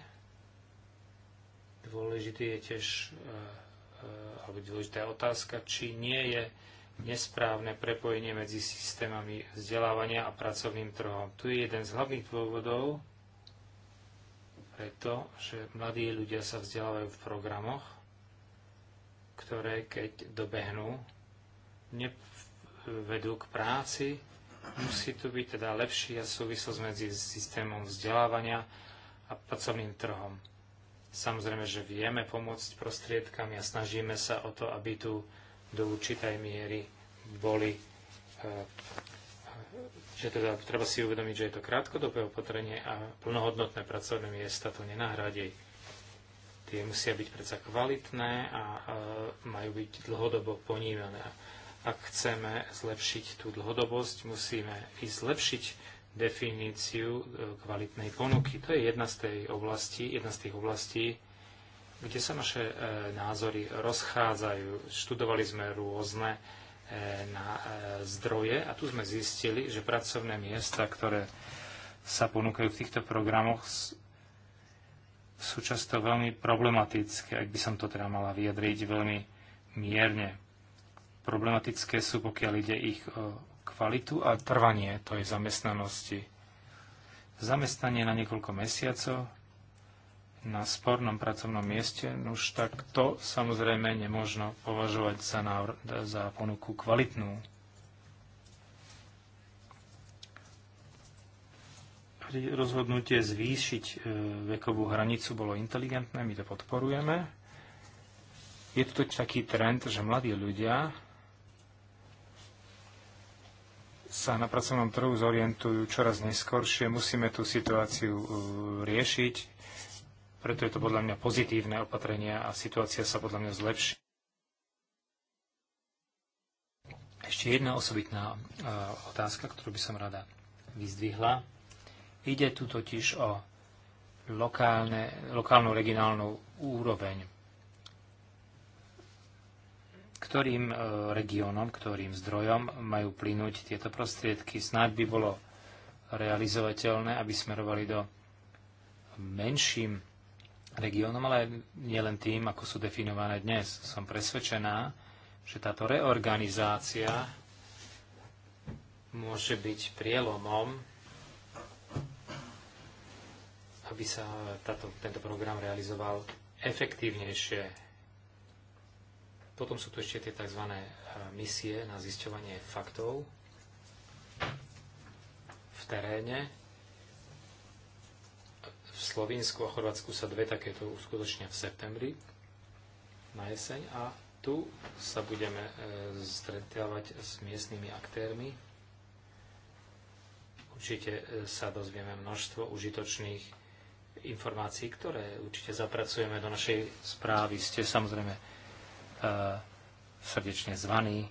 Dôležitý je tiež e, Eh, alebo dôležitá otázka, či nie je nesprávne prepojenie medzi systémami vzdelávania a pracovným trhom. Tu je jeden z hlavných dôvodov, preto, že mladí ľudia sa vzdelávajú v programoch, ktoré keď dobehnú, nevedú k práci. Musí tu byť teda lepšia súvislosť medzi systémom vzdelávania a pracovným trhom Samozrejme, že vieme pomôcť prostriedkami a snažíme sa o to, aby tu do určitej miery boli eh, že teda treba si uvedomiť, že je to krátkodobé opatrenie a plnohodnotné pracovné miesta to nenahradí. Tie musia byť predsa kvalitné a majú byť dlhodobo ponívané. Ak chceme zlepšiť tú dlhodobosť, musíme i zlepšiť definíciu e, kvalitnej ponuky. To je jedna z, tej oblasti, jedna z tých oblastí, kde sa naše e, názory rozchádzajú. Študovali sme rôzne e, na zdroje a tu sme zistili, že pracovné miesta, ktoré sa ponúkajú v týchto programoch, sú často veľmi problematické, ak by som to teda mala vyjadriť veľmi mierne. Problematické sú, pokiaľ ide ich o kvalitu a trvanie tej zamestnanosti. Zamestnanie na niekoľko mesiacov na spornom pracovnom mieste, no už tak to samozrejme nemôžno považovať za, návr- za ponuku kvalitnú. Pri rozhodnutie zvýšiť e, vekovú hranicu bolo inteligentné, my to podporujeme. Je tu totiž taký trend, že mladí ľudia sa na pracovnom trhu zorientujú čoraz neskoršie. Musíme tú situáciu uh, riešiť, preto je to podľa mňa pozitívne opatrenie a situácia sa podľa mňa zlepší. Ešte jedna osobitná uh, otázka, ktorú by som rada vyzdvihla. Ide tu totiž o lokálne, lokálnu regionálnu úroveň ktorým e, regiónom, ktorým zdrojom majú plynúť tieto prostriedky. Snáď by bolo realizovateľné, aby smerovali do menším regiónom, ale nielen tým, ako sú definované dnes. Som presvedčená, že táto reorganizácia môže byť prielomom, aby sa táto, tento program realizoval efektívnejšie potom sú tu ešte tie tzv. Eh, misie na zisťovanie faktov v teréne. V Slovinsku a Chorvátsku sa dve takéto uskutočnia v septembri na jeseň a tu sa budeme eh, stretávať s miestnymi aktérmi. Určite eh, sa dozvieme množstvo užitočných informácií, ktoré určite zapracujeme do našej správy. Ste samozrejme E, srdečne zvaný.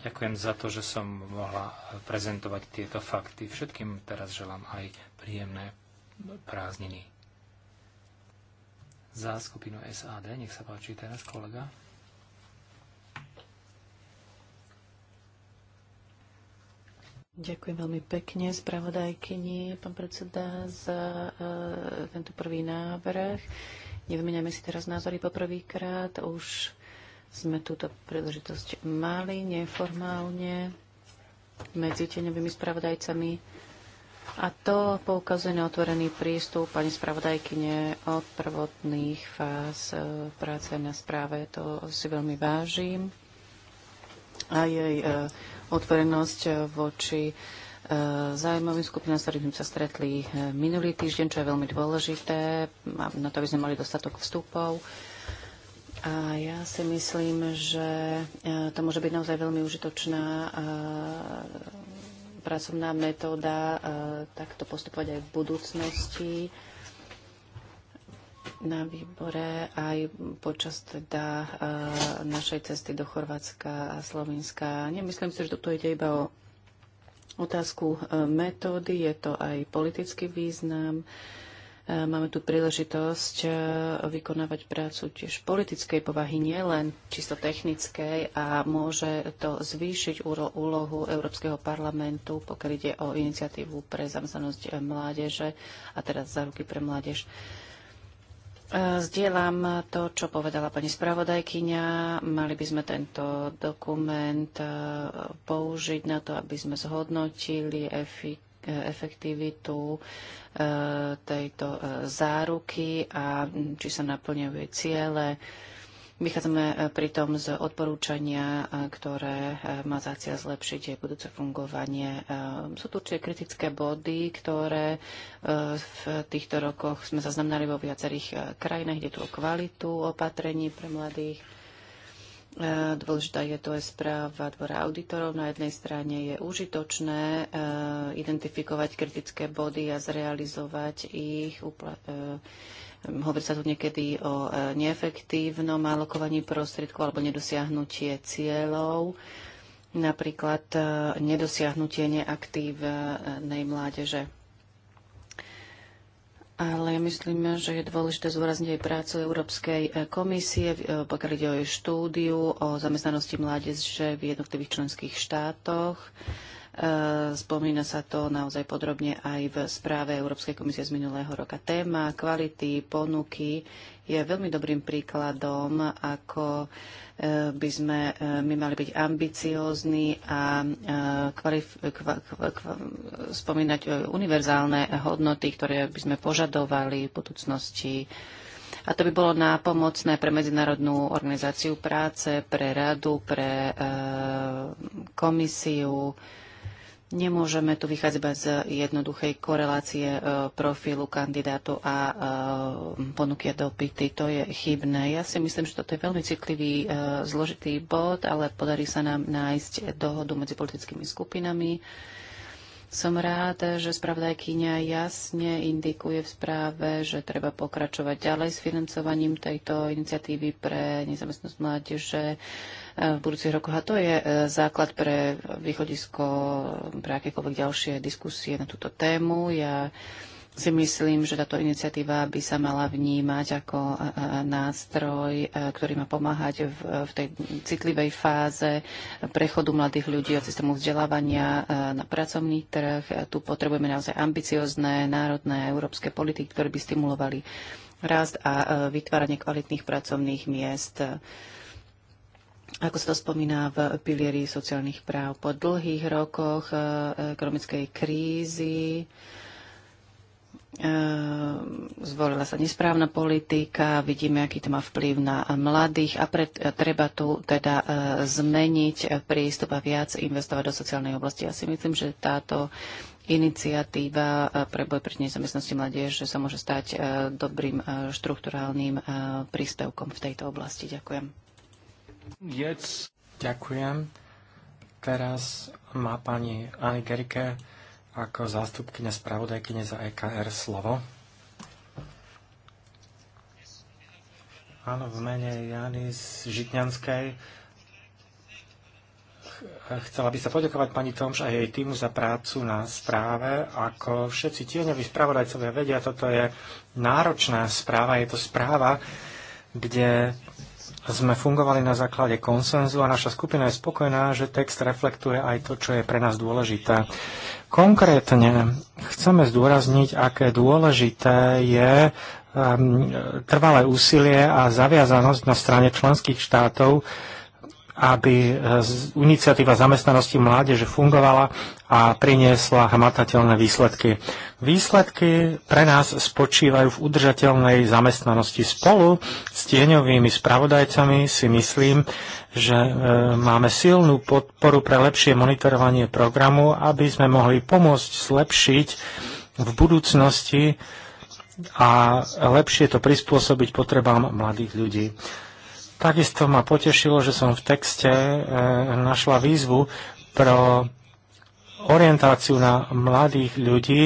Ďakujem za to, že som mohla prezentovať tieto fakty. Všetkým teraz želám aj príjemné prázdniny. Za skupinu SAD, nech sa páči teraz kolega. Ďakujem veľmi pekne spravodajkyni, pán predseda, za uh, tento prvý návrh. Nevymeniame si teraz názory poprvýkrát. Už sme túto príležitosť mali neformálne medzi tieňovými spravodajcami. A to poukazuje na otvorený prístup pani spravodajkyne od prvotných fáz e, práce na správe. To si veľmi vážim. A jej e, otvorenosť e, voči zájmovým skupinám, s ktorými sa stretli minulý týždeň, čo je veľmi dôležité, na to, aby sme mali dostatok vstupov. A ja si myslím, že e, to môže byť naozaj veľmi užitočná e, pracovná metóda e, takto postupovať aj v budúcnosti na výbore aj počas teda našej cesty do Chorvátska a Slovenska. Nemyslím si, že toto ide iba o otázku metódy, je to aj politický význam. Máme tu príležitosť e, vykonávať prácu tiež politickej povahy, nielen čisto technickej a môže to zvýšiť úlohu Európskeho parlamentu, pokiaľ ide o iniciatívu pre zamestnanosť e, mládeže a teraz ruky pre mládež. E, zdieľam to, čo povedala pani spravodajkyňa. Mali by sme tento dokument použiť na to, aby sme zhodnotili efik efektivitu e, tejto e, záruky a či sa naplňujú jej ciele. Vychádzame e, pritom z odporúčania, ktoré má za cieľ zlepšiť jej budúce fungovanie. Sú tu určite kritické body, ktoré v týchto rokoch sme zaznamenali vo viacerých krajinách. kde tu o kvalitu opatrení pre mladých, E, dôležitá je to aj správa dvora auditorov. Na jednej strane je užitočné e, identifikovať kritické body a zrealizovať ich. E, hovorí sa tu niekedy o neefektívnom alokovaní prostriedkov alebo nedosiahnutie cieľov napríklad nedosiahnutie neaktívnej mládeže. Ale ja myslím, že je dôležité zúrazniť aj prácu Európskej e, komisie, e, pokiaľ ide o štúdiu o zamestnanosti mládeže v jednotlivých členských štátoch. E, spomína sa to naozaj podrobne aj v správe Európskej komisie z minulého roka. Téma kvality, ponuky je veľmi dobrým príkladom, ako e, by sme e, my mali byť ambiciózni a e, kvalif- kva- kva- kva- spomínať univerzálne hodnoty, ktoré by sme požadovali v budúcnosti a to by bolo nápomocné pre Medzinárodnú organizáciu práce, pre radu, pre e, komisiu. E, Nemôžeme tu vychádzať z eh, jednoduchej korelácie eh, profilu kandidátu a eh, ponuky a dopity. To je chybné. Ja si myslím, že toto je veľmi citlivý, zložitý bod, ale podarí sa nám nájsť dohodu medzi politickými skupinami. Som rád, že spravodajkyňa jasne indikuje v správe, že treba pokračovať ďalej s financovaním tejto iniciatívy pre nezamestnosť mládeže E, v budúcich rokoch. A to je e, základ pre východisko, pre akékoľvek ďalšie diskusie na túto tému. Ja si myslím, že táto iniciatíva by sa mala vnímať ako e, nástroj, ktorý má pomáhať v, tej citlivej fáze prechodu mladých ľudí od systému vzdelávania na pracovný trh. Tu potrebujeme naozaj ambiciozne národné európske politiky, ktoré by stimulovali rast a vytváranie kvalitných pracovných miest ako sa to spomína v pilieri sociálnych práv. Po dlhých rokoch e, ekonomickej krízy e, zvolila sa nesprávna politika, vidíme, aký to má vplyv na mladých a pred, e, treba tu teda zmeniť prístup a viac investovať do sociálnej oblasti. Ja si myslím, že táto iniciatíva pre boj proti nezamestnosti mladiež sa môže stať dobrým štruktúrálnym príspevkom v tejto oblasti. Ďakujem. Ďakujem. Teraz má pani Ani Gerike ako zástupkynia spravodajkyne za EKR slovo. Áno, v mene Jany z Žitňanskej chcela by sa poďakovať pani Tomš a jej týmu za prácu na správe. Ako všetci tieňoví spravodajcovia vedia, toto je náročná správa. Je to správa, kde sme fungovali na základe konsenzu a naša skupina je spokojná, že text reflektuje aj to, čo je pre nás dôležité. Konkrétne chceme zdôrazniť, aké dôležité je ehm, trvalé úsilie a zaviazanosť na strane členských štátov aby e, iniciatíva zamestnanosti mládeže fungovala a priniesla hmatateľné výsledky. Výsledky pre nás spočívajú v udržateľnej zamestnanosti. Spolu s tieňovými spravodajcami si myslím, že e, máme silnú podporu pre lepšie monitorovanie programu, aby sme mohli pomôcť zlepšiť v budúcnosti a lepšie to prispôsobiť potrebám mladých ľudí. Takisto ma potešilo, že som v texte e, našla výzvu pro orientáciu na mladých ľudí,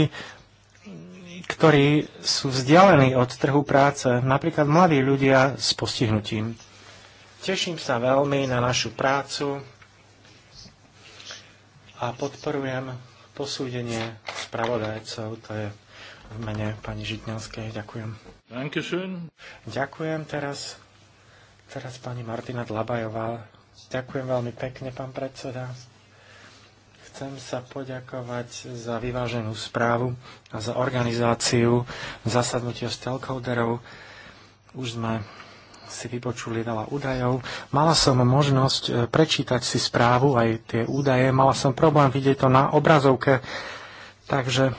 ktorí sú vzdialení od trhu práce, napríklad mladí ľudia s postihnutím. Teším sa veľmi na našu prácu a podporujem posúdenie spravodajcov, to je v mene pani Žitňanskej. Ďakujem. Dankeschön. Ďakujem teraz Teraz pani Martina Dlabajová. Ďakujem veľmi pekne, pán predseda. Chcem sa poďakovať za vyváženú správu a za organizáciu zasadnutia s telkouderov. Už sme si vypočuli veľa údajov. Mala som možnosť e, prečítať si správu, aj tie údaje. Mala som problém vidieť to na obrazovke, takže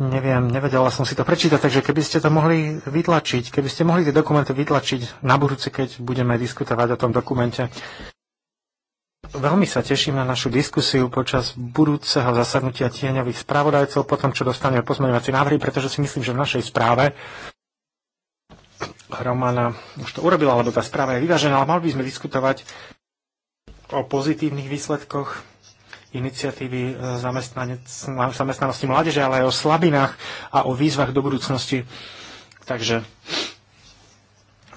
Neviem, nevedela som si to prečítať, takže keby ste to mohli vytlačiť, keby ste mohli tie dokumenty vytlačiť na budúce, keď budeme diskutovať o tom dokumente. Veľmi sa teším na našu diskusiu počas budúceho zasadnutia tieňových spravodajcov, potom čo dostaneme pozmeňovací návrhy, pretože si myslím, že v našej správe Romana už to urobila, lebo tá správa je vyvážená, ale mali by sme diskutovať o pozitívnych výsledkoch iniciatívy e, zamestnanosti mládeže, ale aj o slabinách a o výzvach do budúcnosti. Takže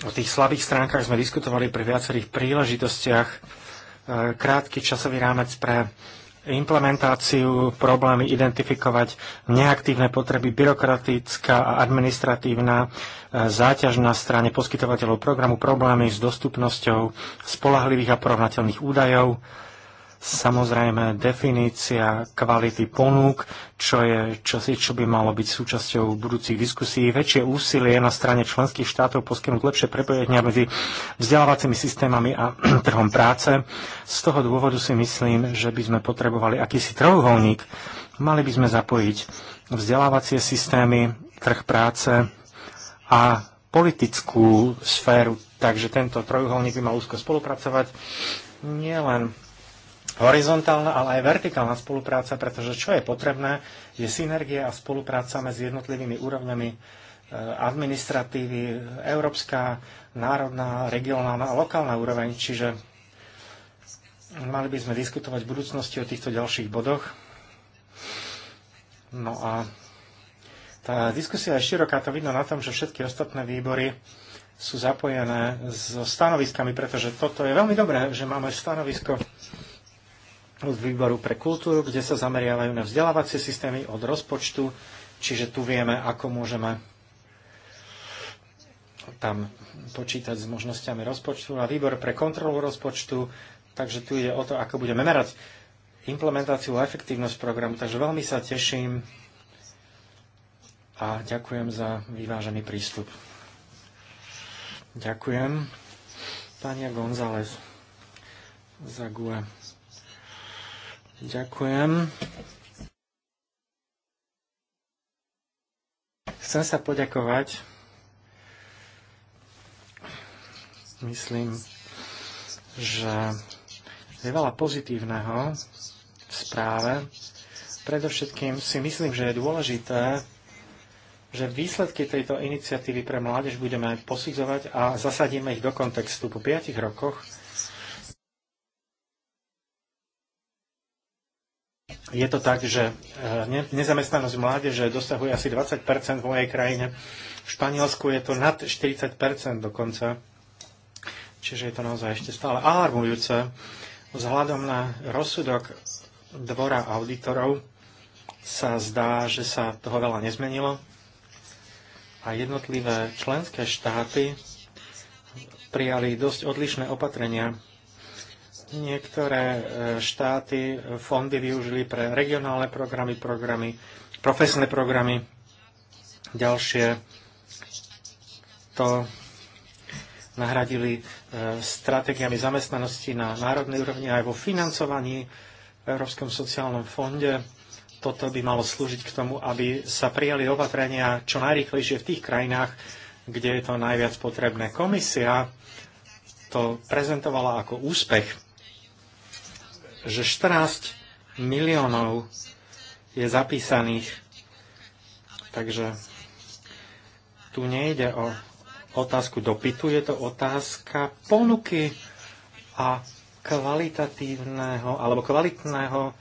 o tých slabých stránkach sme diskutovali pri viacerých príležitostiach. E, krátky časový rámec pre implementáciu, problémy identifikovať, neaktívne potreby byrokratická a administratívna e, záťaž na strane poskytovateľov programu, problémy s dostupnosťou spolahlivých a porovnateľných údajov, Samozrejme, definícia kvality ponúk, čo je čosi, čo by malo byť súčasťou budúcich diskusí. Väčšie úsilie na strane členských štátov poskytnúť lepšie prepojenia medzi vzdelávacími systémami a trhom práce. Z toho dôvodu si myslím, že by sme potrebovali akýsi trojuholník. Mali by sme zapojiť vzdelávacie systémy, trh práce a politickú sféru. Takže tento trojuholník by mal úzko spolupracovať nielen horizontálna, ale aj vertikálna spolupráca, pretože čo je potrebné, je synergia a spolupráca medzi jednotlivými úrovňami e, administratívy, európska, národná, regionálna a lokálna úroveň. Čiže mali by sme diskutovať v budúcnosti o týchto ďalších bodoch. No a tá diskusia je široká, to vidno na tom, že všetky ostatné výbory sú zapojené so stanoviskami, pretože toto je veľmi dobré, že máme stanovisko plus výboru pre kultúru, kde sa zameriavajú na vzdelávacie systémy od rozpočtu, čiže tu vieme, ako môžeme tam počítať s možnosťami rozpočtu a výbor pre kontrolu rozpočtu, takže tu ide o to, ako budeme merať implementáciu a efektívnosť programu, takže veľmi sa teším a ďakujem za vyvážený prístup. Ďakujem. Tania González za GUE. Ďakujem. Chcem sa poďakovať. Myslím, že je veľa pozitívneho v správe. Predovšetkým si myslím, že je dôležité, že výsledky tejto iniciatívy pre mládež budeme posudzovať a zasadíme ich do kontextu. Po piatich rokoch je to tak, že eh, nezamestnanosť mládeže dosahuje asi 20 v mojej krajine. V Španielsku je to nad 40 dokonca. Čiže je to naozaj ešte stále alarmujúce. Vzhľadom na rozsudok dvora auditorov sa zdá, že sa toho veľa nezmenilo a jednotlivé členské štáty prijali dosť odlišné opatrenia Niektoré e, štáty fondy využili pre regionálne programy, programy, profesné programy. Ďalšie to nahradili e, stratégiami zamestnanosti na národnej úrovni aj vo financovaní v Európskom sociálnom fonde. Toto by malo slúžiť k tomu, aby sa prijali opatrenia čo najrychlejšie v tých krajinách, kde je to najviac potrebné. Komisia to prezentovala ako úspech že 14 miliónov je zapísaných. Takže tu nejde o otázku dopytu, je to otázka ponuky a kvalitatívneho alebo kvalitného,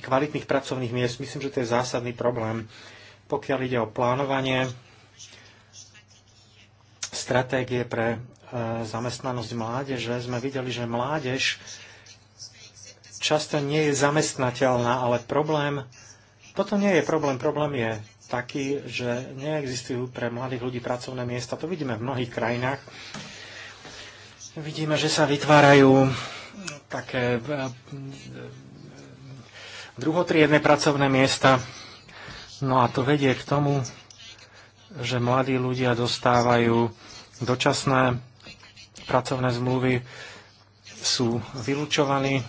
kvalitných pracovných miest. Myslím, že to je zásadný problém. Pokiaľ ide o plánovanie, stratégie pre e, zamestnanosť mládeže, sme videli, že mládež často nie je zamestnateľná, ale problém, Toto nie je problém, problém je taký, že neexistujú pre mladých ľudí pracovné miesta. To vidíme v mnohých krajinách. Vidíme, že sa vytvárajú také eh, druhotriedne pracovné miesta. No a to vedie k tomu, že mladí ľudia dostávajú dočasné pracovné zmluvy, sú vylúčovaní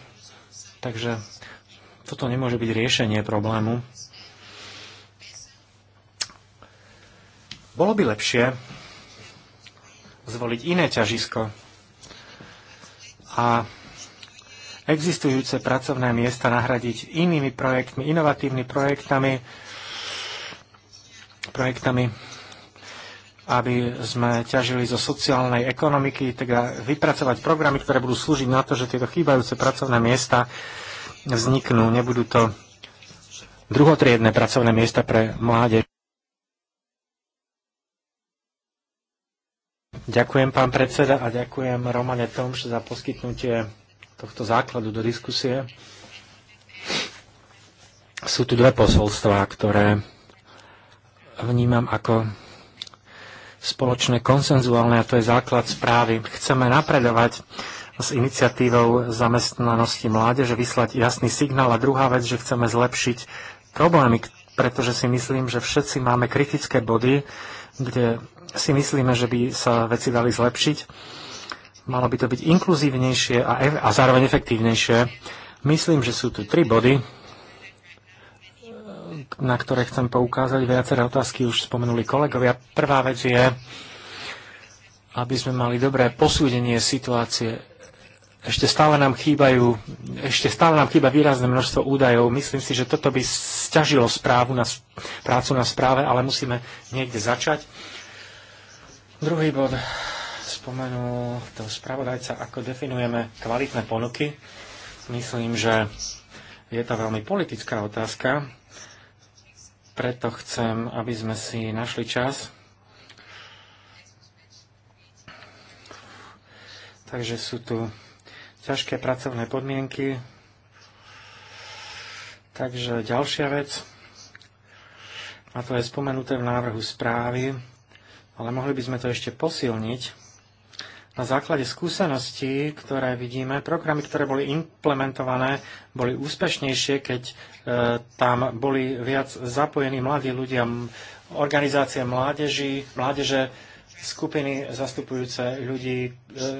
Takže toto nemôže byť riešenie problému. Bolo by lepšie zvoliť iné ťažisko a existujúce pracovné miesta nahradiť inými projektmi, inovatívnymi projektami, projektami aby sme ťažili zo sociálnej ekonomiky, teda vypracovať programy, ktoré budú slúžiť na to, že tieto chýbajúce pracovné miesta vzniknú. Nebudú to druhotriedne pracovné miesta pre mládež. Ďakujem, pán predseda, a ďakujem Romane Tomš za poskytnutie tohto základu do diskusie. Sú tu dve posolstvá, ktoré vnímam ako spoločné konsenzuálne, a to je základ správy. Chceme napredovať s iniciatívou zamestnanosti mládeže, vyslať jasný signál a druhá vec, že chceme zlepšiť problémy, pretože si myslím, že všetci máme kritické body, kde si myslíme, že by sa veci dali zlepšiť. Malo by to byť inkluzívnejšie a, e a zároveň efektívnejšie. Myslím, že sú tu tri body, na ktoré chcem poukázať. Viaceré otázky už spomenuli kolegovia. Prvá vec je, aby sme mali dobré posúdenie situácie. Ešte stále nám chýbajú, ešte stále nám chýba výrazné množstvo údajov. Myslím si, že toto by stiažilo správu na, prácu na správe, ale musíme niekde začať. Druhý bod spomenul toho spravodajca, ako definujeme kvalitné ponuky. Myslím, že je to veľmi politická otázka. Preto chcem, aby sme si našli čas. Takže sú tu ťažké pracovné podmienky. Takže ďalšia vec, a to je spomenuté v návrhu správy, ale mohli by sme to ešte posilniť na základe skúseností, ktoré vidíme, programy, ktoré boli implementované, boli úspešnejšie, keď e, tam boli viac zapojení mladí ľudia, organizácie mládeži, mládeže, skupiny zastupujúce ľudí, e,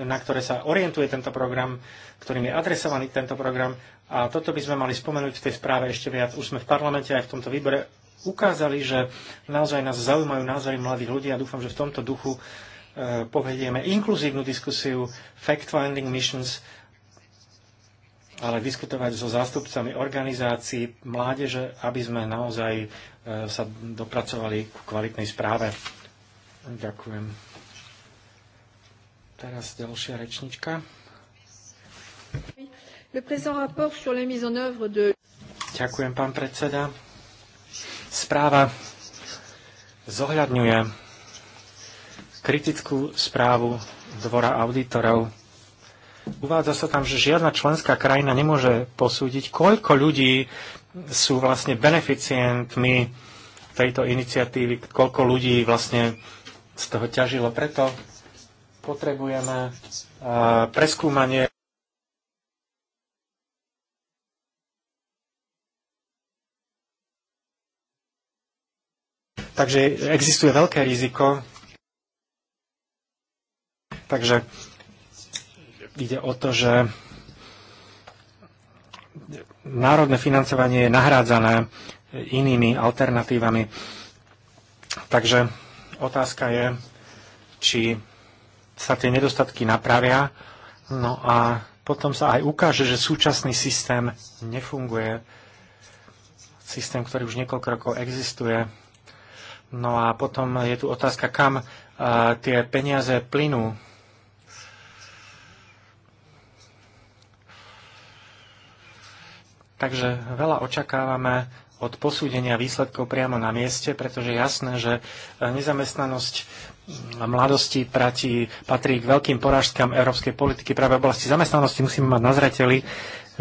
na ktoré sa orientuje tento program, ktorým je adresovaný tento program. A toto by sme mali spomenúť v tej správe ešte viac. Už sme v parlamente aj v tomto výbore ukázali, že naozaj nás zaujímajú názory mladých ľudí a dúfam, že v tomto duchu Eh, povedieme inkluzívnu diskusiu, fact-finding missions, ale diskutovať so zástupcami organizácií mládeže, aby sme naozaj eh, sa dopracovali k kvalitnej správe. Ďakujem. Teraz ďalšia rečnička. Ďakujem, pán predseda. Správa zohľadňuje kritickú správu Dvora auditorov. Uvádza sa tam, že žiadna členská krajina nemôže posúdiť, koľko ľudí sú vlastne beneficientmi tejto iniciatívy, koľko ľudí vlastne z toho ťažilo. Preto potrebujeme preskúmanie Takže existuje veľké riziko, Takže ide o to, že národné financovanie je nahrádzané inými alternatívami. Takže otázka je, či sa tie nedostatky napravia. No a potom sa aj ukáže, že súčasný systém nefunguje. Systém, ktorý už niekoľko rokov existuje. No a potom je tu otázka, kam eh, tie peniaze plynú Takže veľa očakávame od posúdenia výsledkov priamo na mieste, pretože je jasné, že e, nezamestnanosť mladosti prati, patrí k veľkým porážkam európskej politiky. Práve v oblasti zamestnanosti musíme mať na zreteli,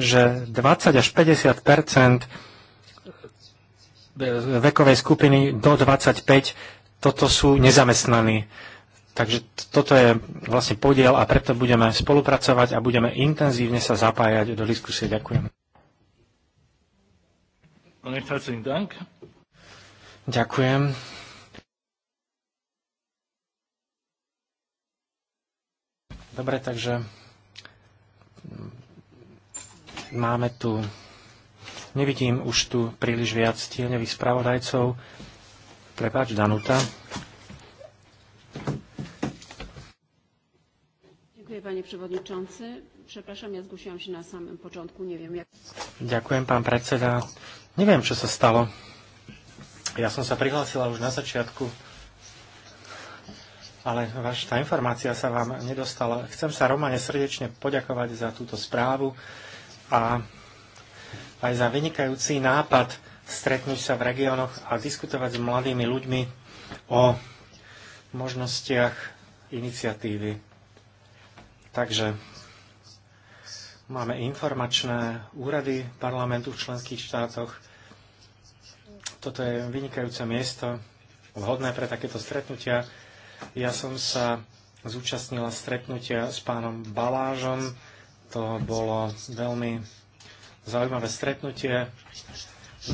že 20 až 50 e, vekovej skupiny do 25 toto sú nezamestnaní. Takže toto je vlastne podiel a preto budeme spolupracovať a budeme intenzívne sa zapájať do diskusie. Ďakujem. Ďakujem. Dobre, takže máme tu, nevidím už tu príliš viac tieňových spravodajcov. Prepač, Danuta. Ďakujem, pani przewodniczący. Przepraszam, ja zgłosiłam się na samym początku, nie wiem jak... Ďakujem, pán predseda. Neviem, čo sa stalo. Ja som sa prihlásila už na začiatku, ale vaš, tá informácia sa vám nedostala. Chcem sa Romane srdečne poďakovať za túto správu a aj za vynikajúci nápad stretnúť sa v regiónoch a diskutovať s mladými ľuďmi o možnostiach iniciatívy. Takže Máme informačné úrady parlamentu v členských štátoch. Toto je vynikajúce miesto, vhodné pre takéto stretnutia. Ja som sa zúčastnila stretnutia s pánom Balážom. To bolo veľmi zaujímavé stretnutie.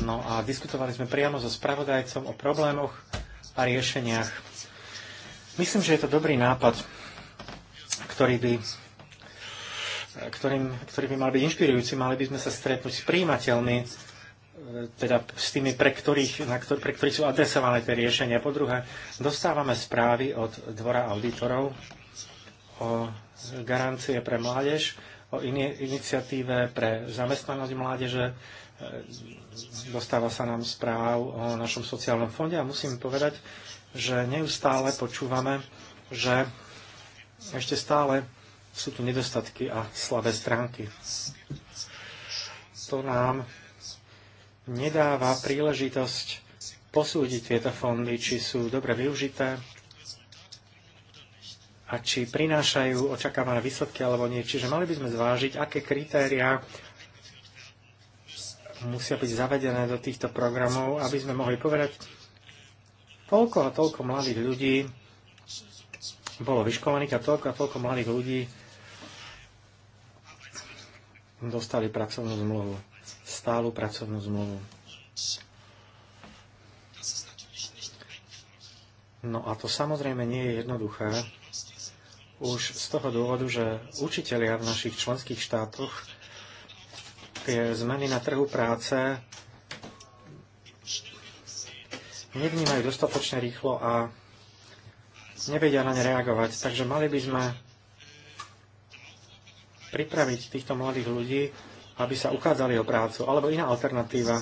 No a diskutovali sme priamo so spravodajcom o problémoch a riešeniach. Myslím, že je to dobrý nápad, ktorý by ktorým, ktorý by mal byť inšpirujúci. Mali by sme sa stretnúť s príjimateľmi, e, teda s tými, pre ktorých, na ktor- pre ktorých sú adresované tie riešenia. Po druhé, dostávame správy od Dvora auditorov o garancie pre mládež, o in- iniciatíve pre zamestnanosť mládeže. E, dostáva sa nám správ o našom sociálnom fonde a musím povedať, že neustále počúvame, že ešte stále sú tu nedostatky a slabé stránky. To nám nedáva príležitosť posúdiť tieto fondy, či sú dobre využité a či prinášajú očakávané výsledky alebo nie. Čiže mali by sme zvážiť, aké kritériá musia byť zavedené do týchto programov, aby sme mohli povedať, toľko a toľko mladých ľudí bolo vyškolených a toľko a toľko mladých ľudí dostali pracovnú zmluvu, stálu pracovnú zmluvu. No a to samozrejme nie je jednoduché, už z toho dôvodu, že učitelia v našich členských štátoch tie zmeny na trhu práce nevnímajú dostatočne rýchlo a nevedia na ne reagovať. Takže mali by sme pripraviť týchto mladých ľudí, aby sa ukázali o prácu, alebo iná alternatíva,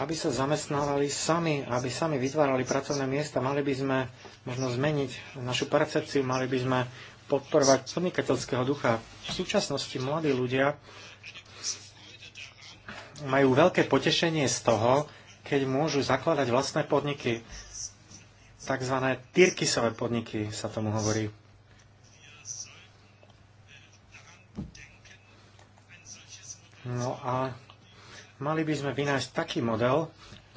aby sa zamestnávali sami, aby sami vytvárali pracovné miesta. Mali by sme možno zmeniť našu percepciu, mali by sme podporovať podnikateľského ducha. V súčasnosti mladí ľudia majú veľké potešenie z toho, keď môžu zakladať vlastné podniky. Takzvané tyrkisové podniky sa tomu hovorí. No a mali by sme vynájsť taký model,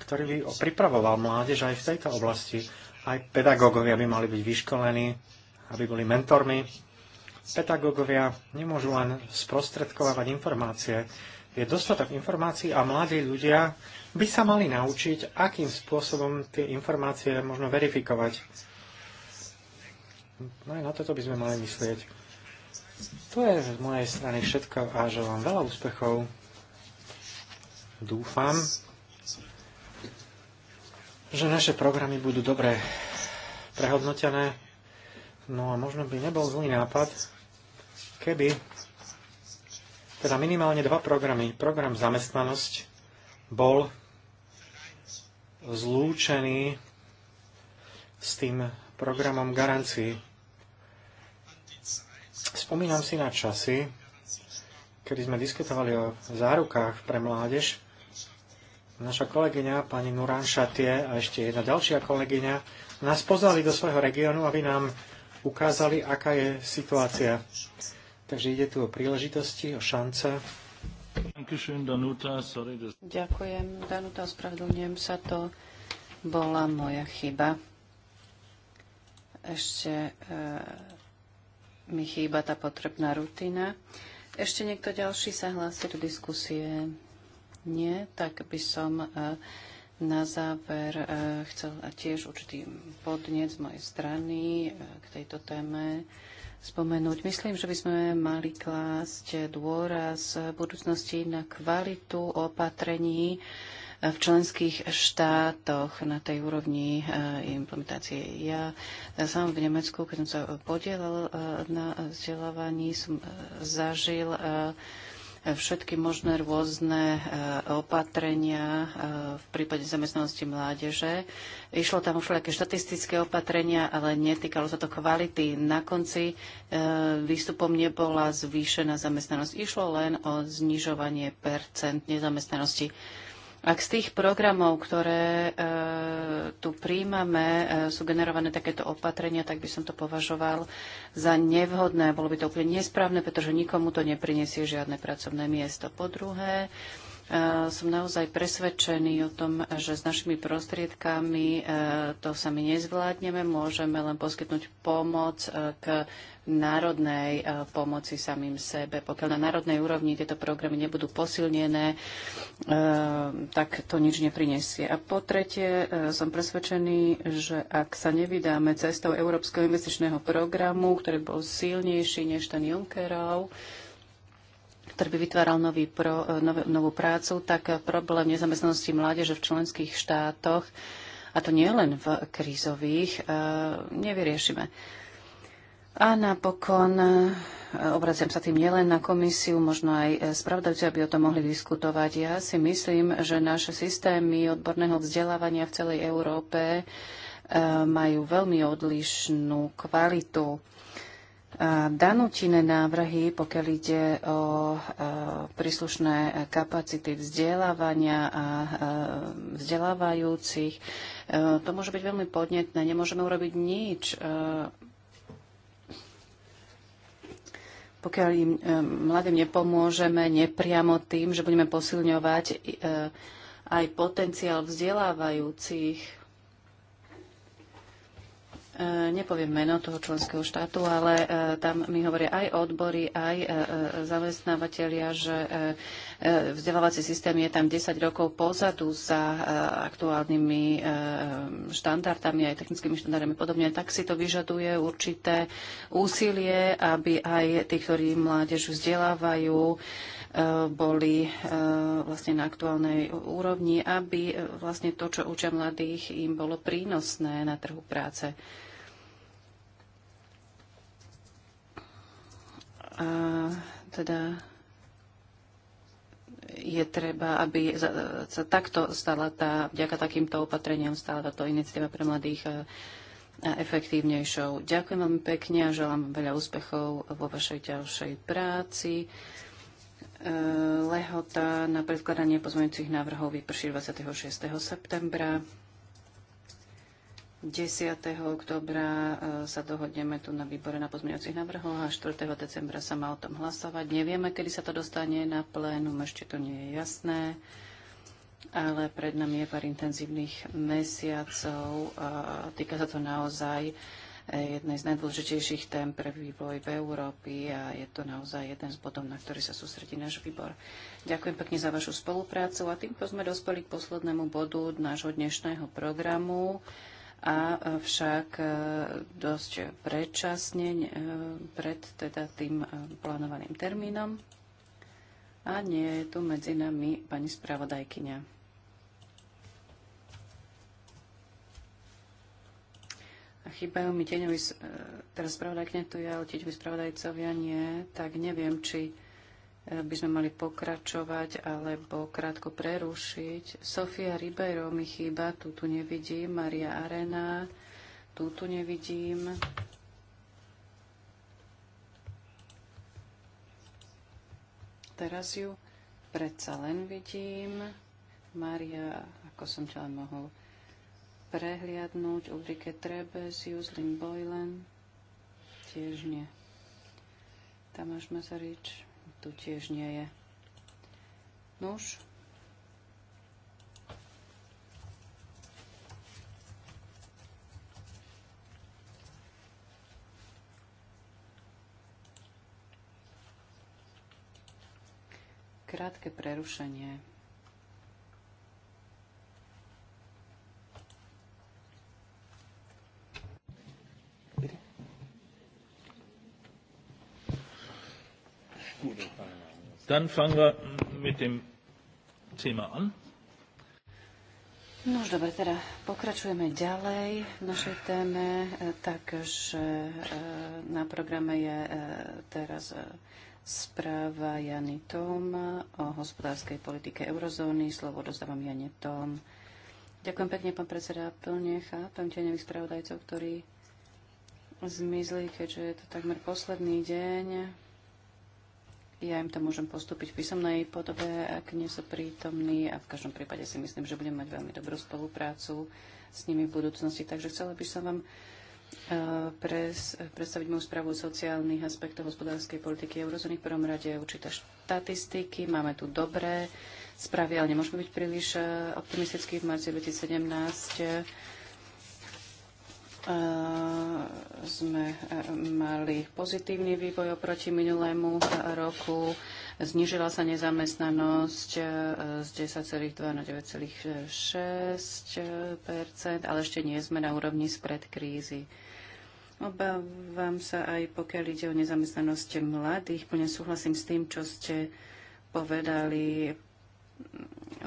ktorý by pripravoval mládež aj v tejto oblasti. Aj pedagógovia by mali byť vyškolení, aby boli mentormi. Pedagógovia nemôžu len sprostredkovávať informácie. Je dostatok informácií a mladí ľudia by sa mali naučiť, akým spôsobom tie informácie možno verifikovať. No aj na toto by sme mali myslieť. To je z mojej strany všetko a želám veľa úspechov. Dúfam, že naše programy budú dobre prehodnotené. No a možno by nebol zlý nápad, keby teda minimálne dva programy, program zamestnanosť bol zlúčený s tým programom garancií Spomínam si na časy, kedy sme diskutovali o zárukách pre mládež. Naša kolegyňa, pani Nuran Šatie a ešte jedna ďalšia kolegyňa nás pozvali do svojho regiónu, aby nám ukázali, aká je situácia. Takže ide tu o príležitosti, o šance. Ďakujem, Danuta, ospravedlňujem sa, to bola moja chyba. Ešte e mi chýba tá potrebná rutina. Ešte niekto ďalší sa hlási do diskusie? Nie, tak by som e, na záver e, chcel tiež určitý podnec z mojej strany e, k tejto téme spomenúť. Myslím, že by sme mali klásť dôraz v budúcnosti na kvalitu opatrení, v členských štátoch na tej úrovni eh, implementácie. Ja eh, sám v Nemecku, keď som sa podielal eh, na vzdelávaní, som zažil všetky možné rôzne opatrenia v prípade zamestnanosti mládeže. Išlo tam už také štatistické opatrenia, ale netýkalo sa to kvality. Na konci výstupom nebola zvýšená zamestnanosť. Išlo len o znižovanie percent nezamestnanosti. Ak z tých programov, ktoré e, tu príjmame, e, sú generované takéto opatrenia, tak by som to považoval za nevhodné. Bolo by to úplne nesprávne, pretože nikomu to neprinesie žiadne pracovné miesto. Po druhé, e, Eh, som naozaj presvedčený o tom, že s našimi prostriedkami eh, to sami nezvládneme, môžeme len poskytnúť pomoc eh, k národnej pomoci samým sebe. Pokiaľ na národnej úrovni tieto programy nebudú posilnené, tak to nič neprinesie. A po tretie, som presvedčený, že ak sa nevydáme cestou Európskeho investičného programu, ktorý bol silnejší než ten Junckerov, ktorý by vytváral nový pro, e, nov, novú prácu, tak problém nezamestnanosti mládeže v členských štátoch, a to nie len v krízových, e, nevyriešime. A napokon e, obraciam sa tým nielen na komisiu, možno aj spravodajci, aby o tom mohli diskutovať. Ja si myslím, že naše systémy odborného vzdelávania v celej Európe majú veľmi odlišnú kvalitu. Danútine návrhy, pokiaľ ide o e, príslušné kapacity vzdelávania a e, vzdelávajúcich. E, to môže byť veľmi podnetné. Nemôžeme urobiť nič. Pokiaľ im mladým nepomôžeme nepriamo tým, že budeme posilňovať aj potenciál vzdelávajúcich, E, nepoviem meno toho členského štátu, ale e, tam mi hovoria aj odbory, aj e, zamestnávateľia, že vzdelávací systém je tam 10 rokov pozadu za aktuálnymi štandardami, aj technickými štandardami podobne. Tak si to vyžaduje určité úsilie, aby aj tí, ktorí mládež vzdelávajú, boli vlastne na aktuálnej úrovni, aby vlastne to, čo učia mladých, im bolo prínosné na trhu práce. A teda je treba, aby sa takto stala tá, vďaka takýmto opatreniam stala táto iniciatíva pre mladých e, a efektívnejšou. Ďakujem veľmi pekne a želám veľa úspechov vo vašej ďalšej práci. E, lehota na predkladanie pozmeňujúcich návrhov vyprší 26. septembra. 10. oktobra e, sa dohodneme tu na výbore na pozmeňujúcich návrhoch a 4. decembra sa má o tom hlasovať. Nevieme, kedy sa to dostane na plénum, ešte to nie je jasné, ale pred nami je pár intenzívnych mesiacov. Týka sa to naozaj e, jednej z najdôležitejších tém pre vývoj v Európy a je to naozaj jeden z bodov, na ktorý sa sústredí náš výbor. Ďakujem pekne za vašu spoluprácu a týmto sme dospeli k poslednému bodu nášho dnešného programu. A e, však e, dosť predčasne e, pred teda tým plánovaným termínom. A nie je tu medzi nami pani spravodajkyňa. A chýbajú mi tieňoví, teraz spravodajkňa tu je, ale tieňoví spravodajcovia nie, tak neviem, či by sme mali pokračovať alebo krátko prerušiť. Sofia Ribeiro mi chýba, tu tu nevidím. Maria Arena, tu tu nevidím. Teraz ju predsa len vidím. Maria, ako som ťa len mohol prehliadnúť. Ulrike Trebes, Juslin Boylen, tiež nie. Tamáš Mazarič tu tiež nie je. Nuž. Krátke prerušenie. Dann fangen wir mit dem Thema an. No už dobre, teda pokračujeme ďalej v našej téme, e, takže e, na programe je e, teraz správa Jany Tom o hospodárskej politike eurozóny. Slovo dostávam Jane Tom. Ďakujem pekne, pán predseda. Plne chápem tie tieňových spravodajcov, ktorí zmizli, keďže je to takmer posledný deň ja im to môžem postúpiť v písomnej podobe, ak nie sú prítomní a v každom prípade si myslím, že budem mať veľmi dobrú spoluprácu s nimi v budúcnosti. Takže chcela by som vám eh, pres, predstaviť moju správu o sociálnych aspektoch hospodárskej politiky eurozóny. V prvom rade určité štatistiky. Máme tu dobré správy, ale nemôžeme byť príliš eh, optimistickí. V marci 2017 Eh, sme eh, mali pozitívny vývoj oproti minulému roku. Znižila sa nezamestnanosť eh, z 10,2 na 9,6 ale ešte nie sme na úrovni spred krízy. Obávam sa aj pokiaľ ide o nezamestnanosť mladých. Plne súhlasím s tým, čo ste povedali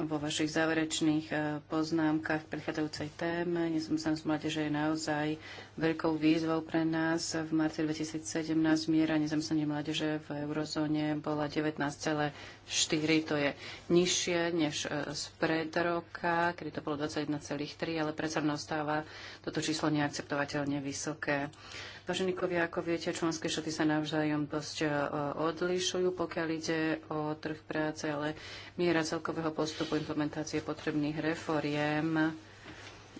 vo vašich záverečných e, poznámkach v predchádzajúcej téme. Nezamestnanosť že je naozaj veľkou výzvou pre nás. V marci 2017 miera nezamestnanie mládeže v eurozóne bola 19,4. To je nižšie než e, spred roka, kedy to bolo 21,3, ale predsa stáva toto číslo neakceptovateľne vysoké. Vážení kovia, ako viete, členské štáty sa navzájom dosť e, odlišujú, pokiaľ ide o trh práce, ale miera celkového postupu implementácie potrebných reforiem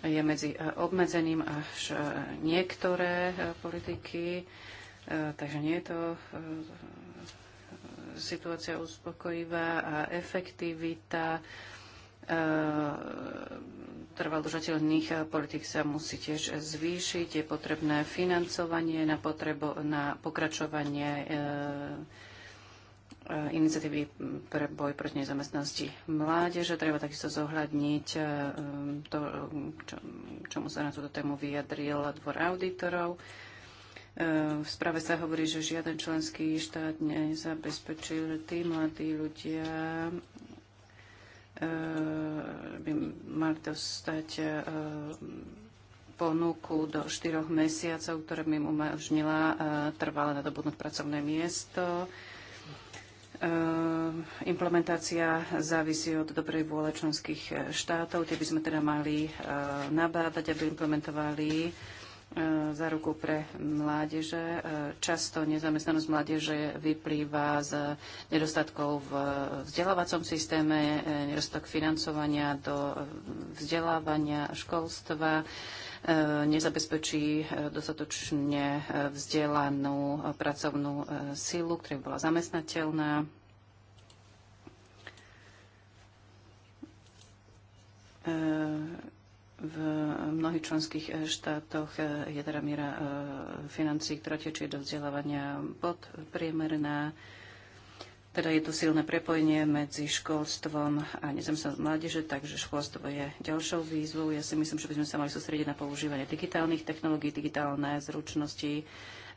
je medzi e, obmedzeným až e, niektoré politiky, takže nie je to situácia uspokojivá a efektivita trvalodržateľných eh, politik sa musí tiež eh, zvýšiť. Je potrebné financovanie na, potrebo, na pokračovanie eh, iniciatívy pre boj proti nezamestnanosti mládeže. Treba takisto zohľadniť to, čo, čomu sa na túto tému vyjadril dvor auditorov. V správe sa hovorí, že žiaden členský štát nezabezpečil tí mladí ľudia, Eh, by mali dostať eh, ponuku do 4 mesiacov, ktoré by mu umožnila eh, trvalé nadobudnúť pracovné miesto. Implementácia závisí od dobrej vôle členských štátov. Tie by sme teda mali nabádať, aby implementovali E, za ruku pre mládeže. E, často nezamestnanosť mládeže vyplýva z nedostatkov v vzdelávacom systéme, e, nedostatok financovania do vzdelávania, školstva, nezabezpečí dostatočne vzdelanú pracovnú silu, ktorá by bola zamestnateľná. E v mnohých členských eh, štátoch eh, je teda miera eh, financí, ktorá tečie do vzdelávania podpriemerná. Teda je tu silné prepojenie medzi školstvom a sa mládeže, takže školstvo je ďalšou výzvou. Ja si myslím, že by sme sa mali sústrediť na používanie digitálnych technológií, digitálne zručnosti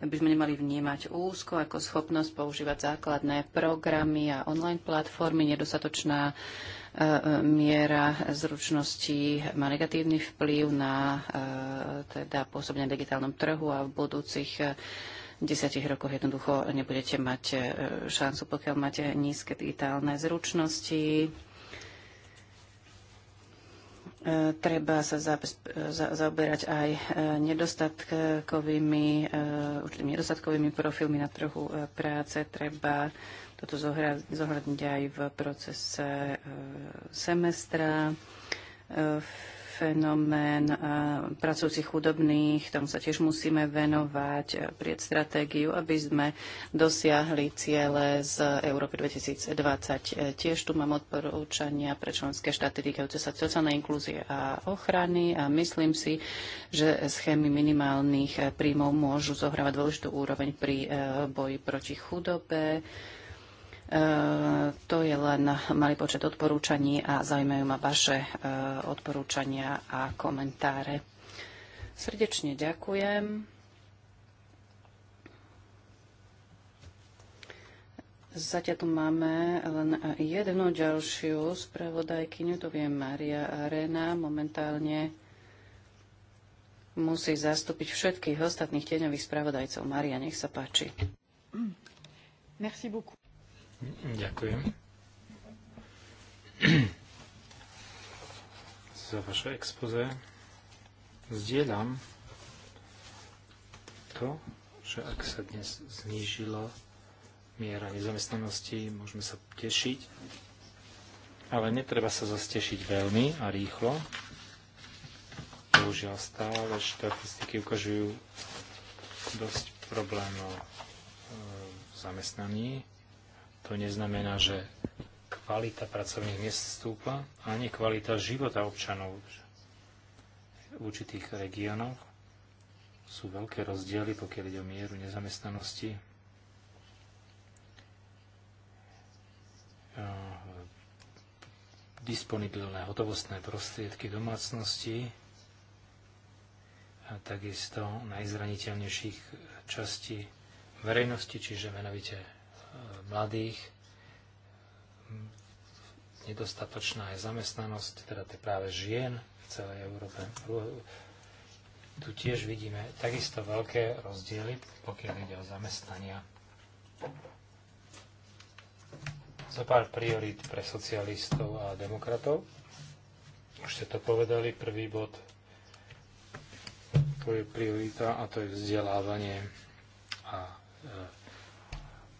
by sme nemali vnímať úzko ako schopnosť používať základné programy a online platformy. Nedostatočná e, e, miera zručnosti má negatívny vplyv na e, teda pôsobenie na digitálnom trhu a v budúcich desiatich rokoch jednoducho nebudete mať šancu, pokiaľ máte nízke digitálne zručnosti E, treba sa e, zaoberať aj e, nedostatkovými, určitými nedostatkovými profilmi na trhu práce. Treba toto zohľadniť aj v procese semestra. V fenomén eh, pracujúcich chudobných, tomu sa tiež musíme venovať, eh, prieť stratégiu, aby sme dosiahli ciele z Európy 2020. Eh, tiež tu mám odporúčania pre členské štáty týkajúce sa sociálnej inklúzie a ochrany a myslím si, že schémy minimálnych príjmov môžu zohrávať dôležitú úroveň pri boji proti chudobe E, to je len malý počet odporúčaní a zaujímajú ma vaše e, odporúčania a komentáre. Srdečne ďakujem. Zatiaľ tu máme len jednu ďalšiu spravodajkyňu, to vie Maria Arena. Momentálne musí zastúpiť všetkých ostatných tieňových spravodajcov. Maria, nech sa páči. Merci beaucoup. Ďakujem za vaše expoze. Zdieľam to, že ak sa dnes znížila miera nezamestnanosti, môžeme sa tešiť, ale netreba sa zase tešiť veľmi a rýchlo. Bohužiaľ stále štatistiky ukazujú dosť problémov v e, zamestnaní to neznamená, že kvalita pracovných miest stúpa, ani kvalita života občanov v určitých regiónoch. Sú veľké rozdiely, pokiaľ ide o mieru nezamestnanosti. Ehm, disponibilné hotovostné prostriedky domácnosti a takisto najzraniteľnejších častí verejnosti, čiže menovite mladých, nedostatočná je zamestnanosť, teda tie práve žien v celej Európe. Tu tiež vidíme takisto veľké rozdiely, pokiaľ ide o zamestnania. Zo pár priorít pre socialistov a demokratov. Už ste to povedali, prvý bod to je priorita a to je vzdelávanie a e,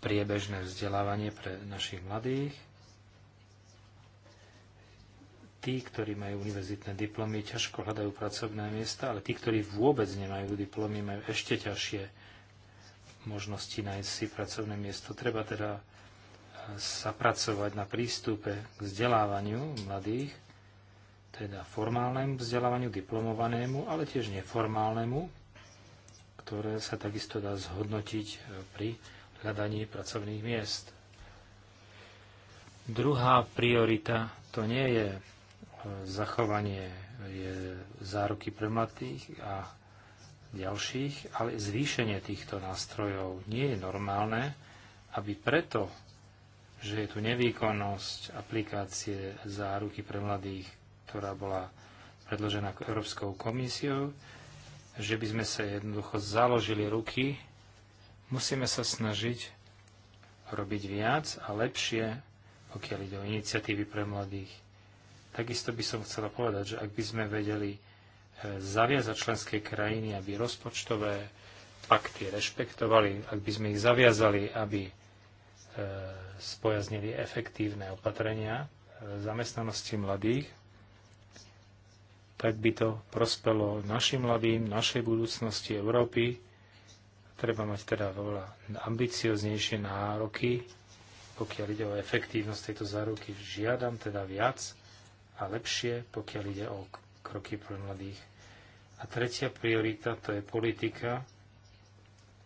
priebežné vzdelávanie pre našich mladých. Tí, ktorí majú univerzitné diplomy, ťažko hľadajú pracovné miesta, ale tí, ktorí vôbec nemajú diplomy, majú ešte ťažšie možnosti nájsť si pracovné miesto. Treba teda sa e, pracovať na prístupe k vzdelávaniu mladých, teda formálnemu vzdelávaniu, diplomovanému, ale tiež neformálnemu, ktoré sa takisto dá zhodnotiť e, pri hľadaní pracovných miest. Druhá priorita to nie je e, zachovanie je záruky pre mladých a ďalších, ale zvýšenie týchto nástrojov nie je normálne, aby preto, že je tu nevýkonnosť aplikácie záruky pre mladých, ktorá bola predložená Európskou komisiou, že by sme sa jednoducho založili ruky Musíme sa snažiť robiť viac a lepšie, pokiaľ ide o iniciatívy pre mladých. Takisto by som chcela povedať, že ak by sme vedeli e, zaviazať členské krajiny, aby rozpočtové pakty rešpektovali, ak by sme ich zaviazali, aby e, spojaznili efektívne opatrenia e, zamestnanosti mladých, tak by to prospelo našim mladým, našej budúcnosti Európy, Treba mať teda oveľa ambicioznejšie nároky, pokiaľ ide o efektívnosť tejto záruky. Žiadam teda viac a lepšie, pokiaľ ide o kroky pre mladých. A tretia priorita to je politika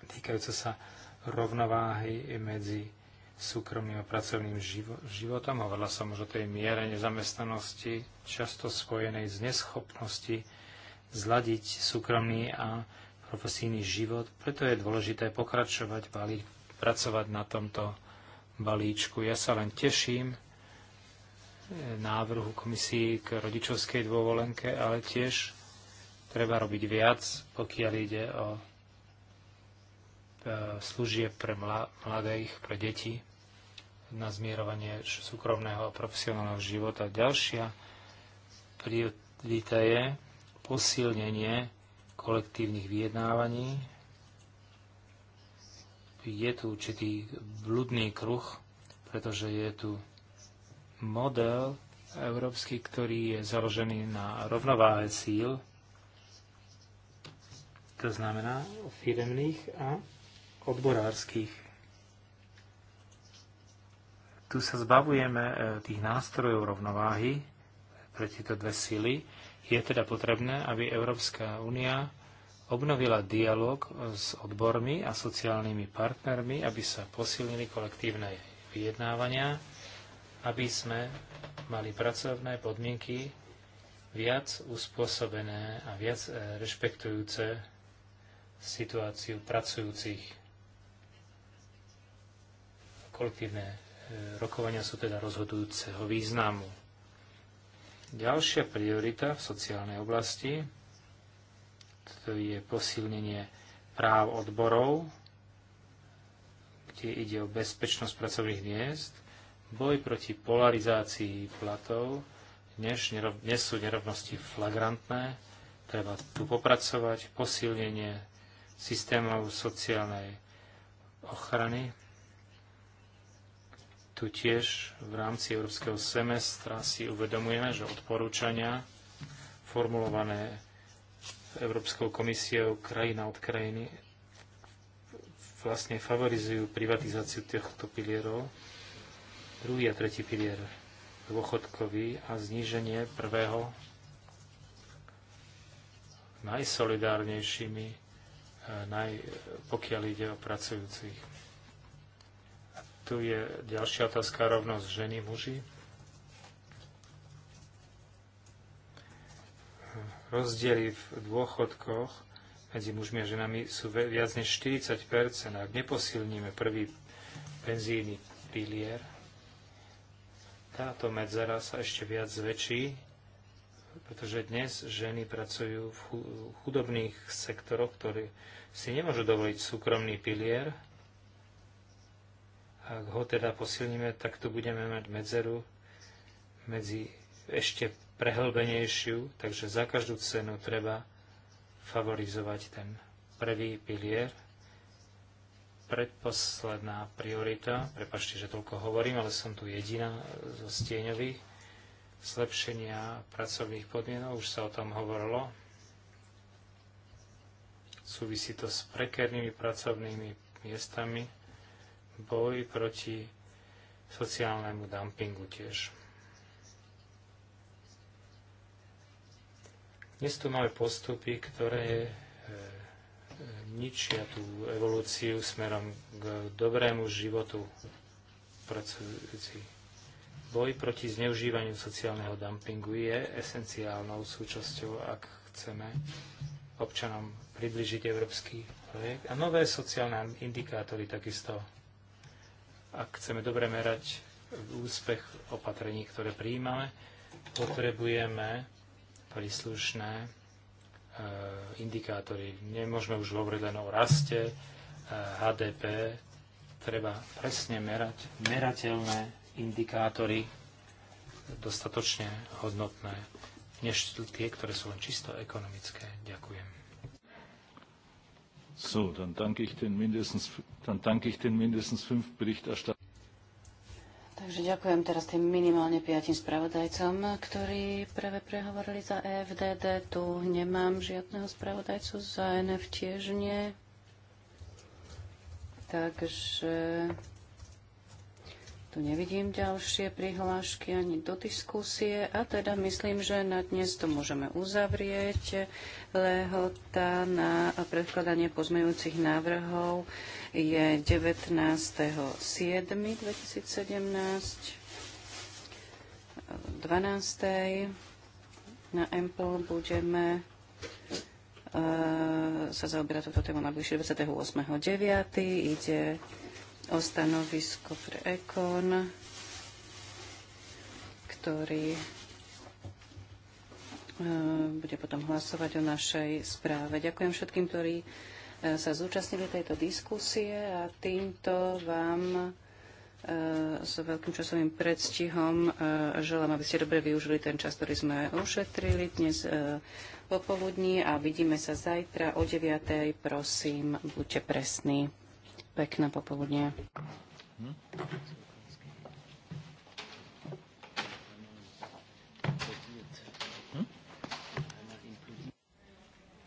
týkajúca sa rovnováhy medzi súkromným a pracovným životom. Hovorila som už o tej miere nezamestnanosti, často spojenej z neschopnosti zladiť súkromný a profesijný život. Preto je dôležité pokračovať, bali, pracovať na tomto balíčku. Ja sa len teším eh, návrhu komisii k rodičovskej dôvolenke, ale tiež treba robiť viac, pokiaľ ide o eh, služie pre mladých, pre deti na zmierovanie súkromného a profesionálneho života. Ďalšia priorita je posilnenie kolektívnych vyjednávaní. Je tu určitý bludný kruh, pretože je tu model európsky, ktorý je založený na rovnováhe síl, to znamená firemných a odborárskych. Tu sa zbavujeme e, tých nástrojov rovnováhy pre tieto dve sily je teda potrebné, aby Európska únia obnovila dialog e, s odbormi a sociálnymi partnermi, aby sa posilnili kolektívne vyjednávania, aby sme mali pracovné podmienky viac uspôsobené a viac e, rešpektujúce situáciu pracujúcich kolektívne e, rokovania sú teda rozhodujúceho významu. Ďalšia priorita v sociálnej oblasti to je posilnenie práv odborov, kde ide o bezpečnosť pracovných miest, boj proti polarizácii platov, dnes, dnes sú nerovnosti flagrantné, treba tu popracovať, posilnenie systémov sociálnej ochrany, tu tiež v rámci európskeho semestra si uvedomujeme, že odporúčania formulované Európskou komisiou krajina od krajiny vlastne favorizujú privatizáciu týchto pilierov, druhý a tretí pilier dôchodkový a zníženie prvého najsolidárnejšími, eh, naj, pokiaľ ide o pracujúcich. Tu je ďalšia otázka, rovnosť ženy, muži. Rozdiely v dôchodkoch medzi mužmi a ženami sú viac než 40 Ak neposilníme prvý penzíny pilier, táto medzera sa ešte viac zväčší, pretože dnes ženy pracujú v chudobných sektoroch, ktorí si nemôžu dovoliť súkromný pilier, ak ho teda posilníme, tak tu budeme mať medzeru medzi ešte prehlbenejšiu, takže za každú cenu treba favorizovať ten prvý pilier. Predposledná priorita, prepašte, že toľko hovorím, ale som tu jediná zo stieňových, zlepšenia pracovných podmienok, už sa o tom hovorilo. Súvisí to s prekernými pracovnými miestami, boj proti sociálnemu dumpingu tiež. Dnes tu máme postupy, ktoré e, ničia tú evolúciu smerom k dobrému životu pracujúci. Boj proti zneužívaniu sociálneho dumpingu je esenciálnou súčasťou, ak chceme občanom približiť európsky projekt. A nové sociálne indikátory takisto ak chceme dobre merať úspech opatrení, ktoré prijímame, potrebujeme príslušné e, indikátory. Nemôžeme už hovoriť len o raste, e, HDP, treba presne merať merateľné indikátory, dostatočne hodnotné, než tie, ktoré sú len čisto ekonomické. Ďakujem. So, dann danke ich den mindestens, dann danke ich den mindestens fünf Berichterstattern. Takže ďakujem teraz tým minimálne piatim spravodajcom, ktorí prvé prehovorili za EFDD. Tu nemám žiadneho spravodajcu, za e NF tiež nie. Takže tu nevidím ďalšie prihlášky ani do diskusie a teda myslím, že na dnes to môžeme uzavrieť. Lehota na predkladanie pozmejúcich návrhov je 19.7.2017. 12. na Ample budeme eh, sa zaoberať toto tému na bližšie 28.9. Ide o stanovisko pre Ekon, ktorý e, bude potom hlasovať o našej správe. Ďakujem všetkým, ktorí e, sa zúčastnili tejto diskusie a týmto vám e, s veľkým časovým predstihom. Želám, aby ste dobre využili ten čas, ktorý sme ušetrili dnes popoludní a vidíme sa zajtra o 9. Prosím, buďte presní. Pekné popoludnie. Hm?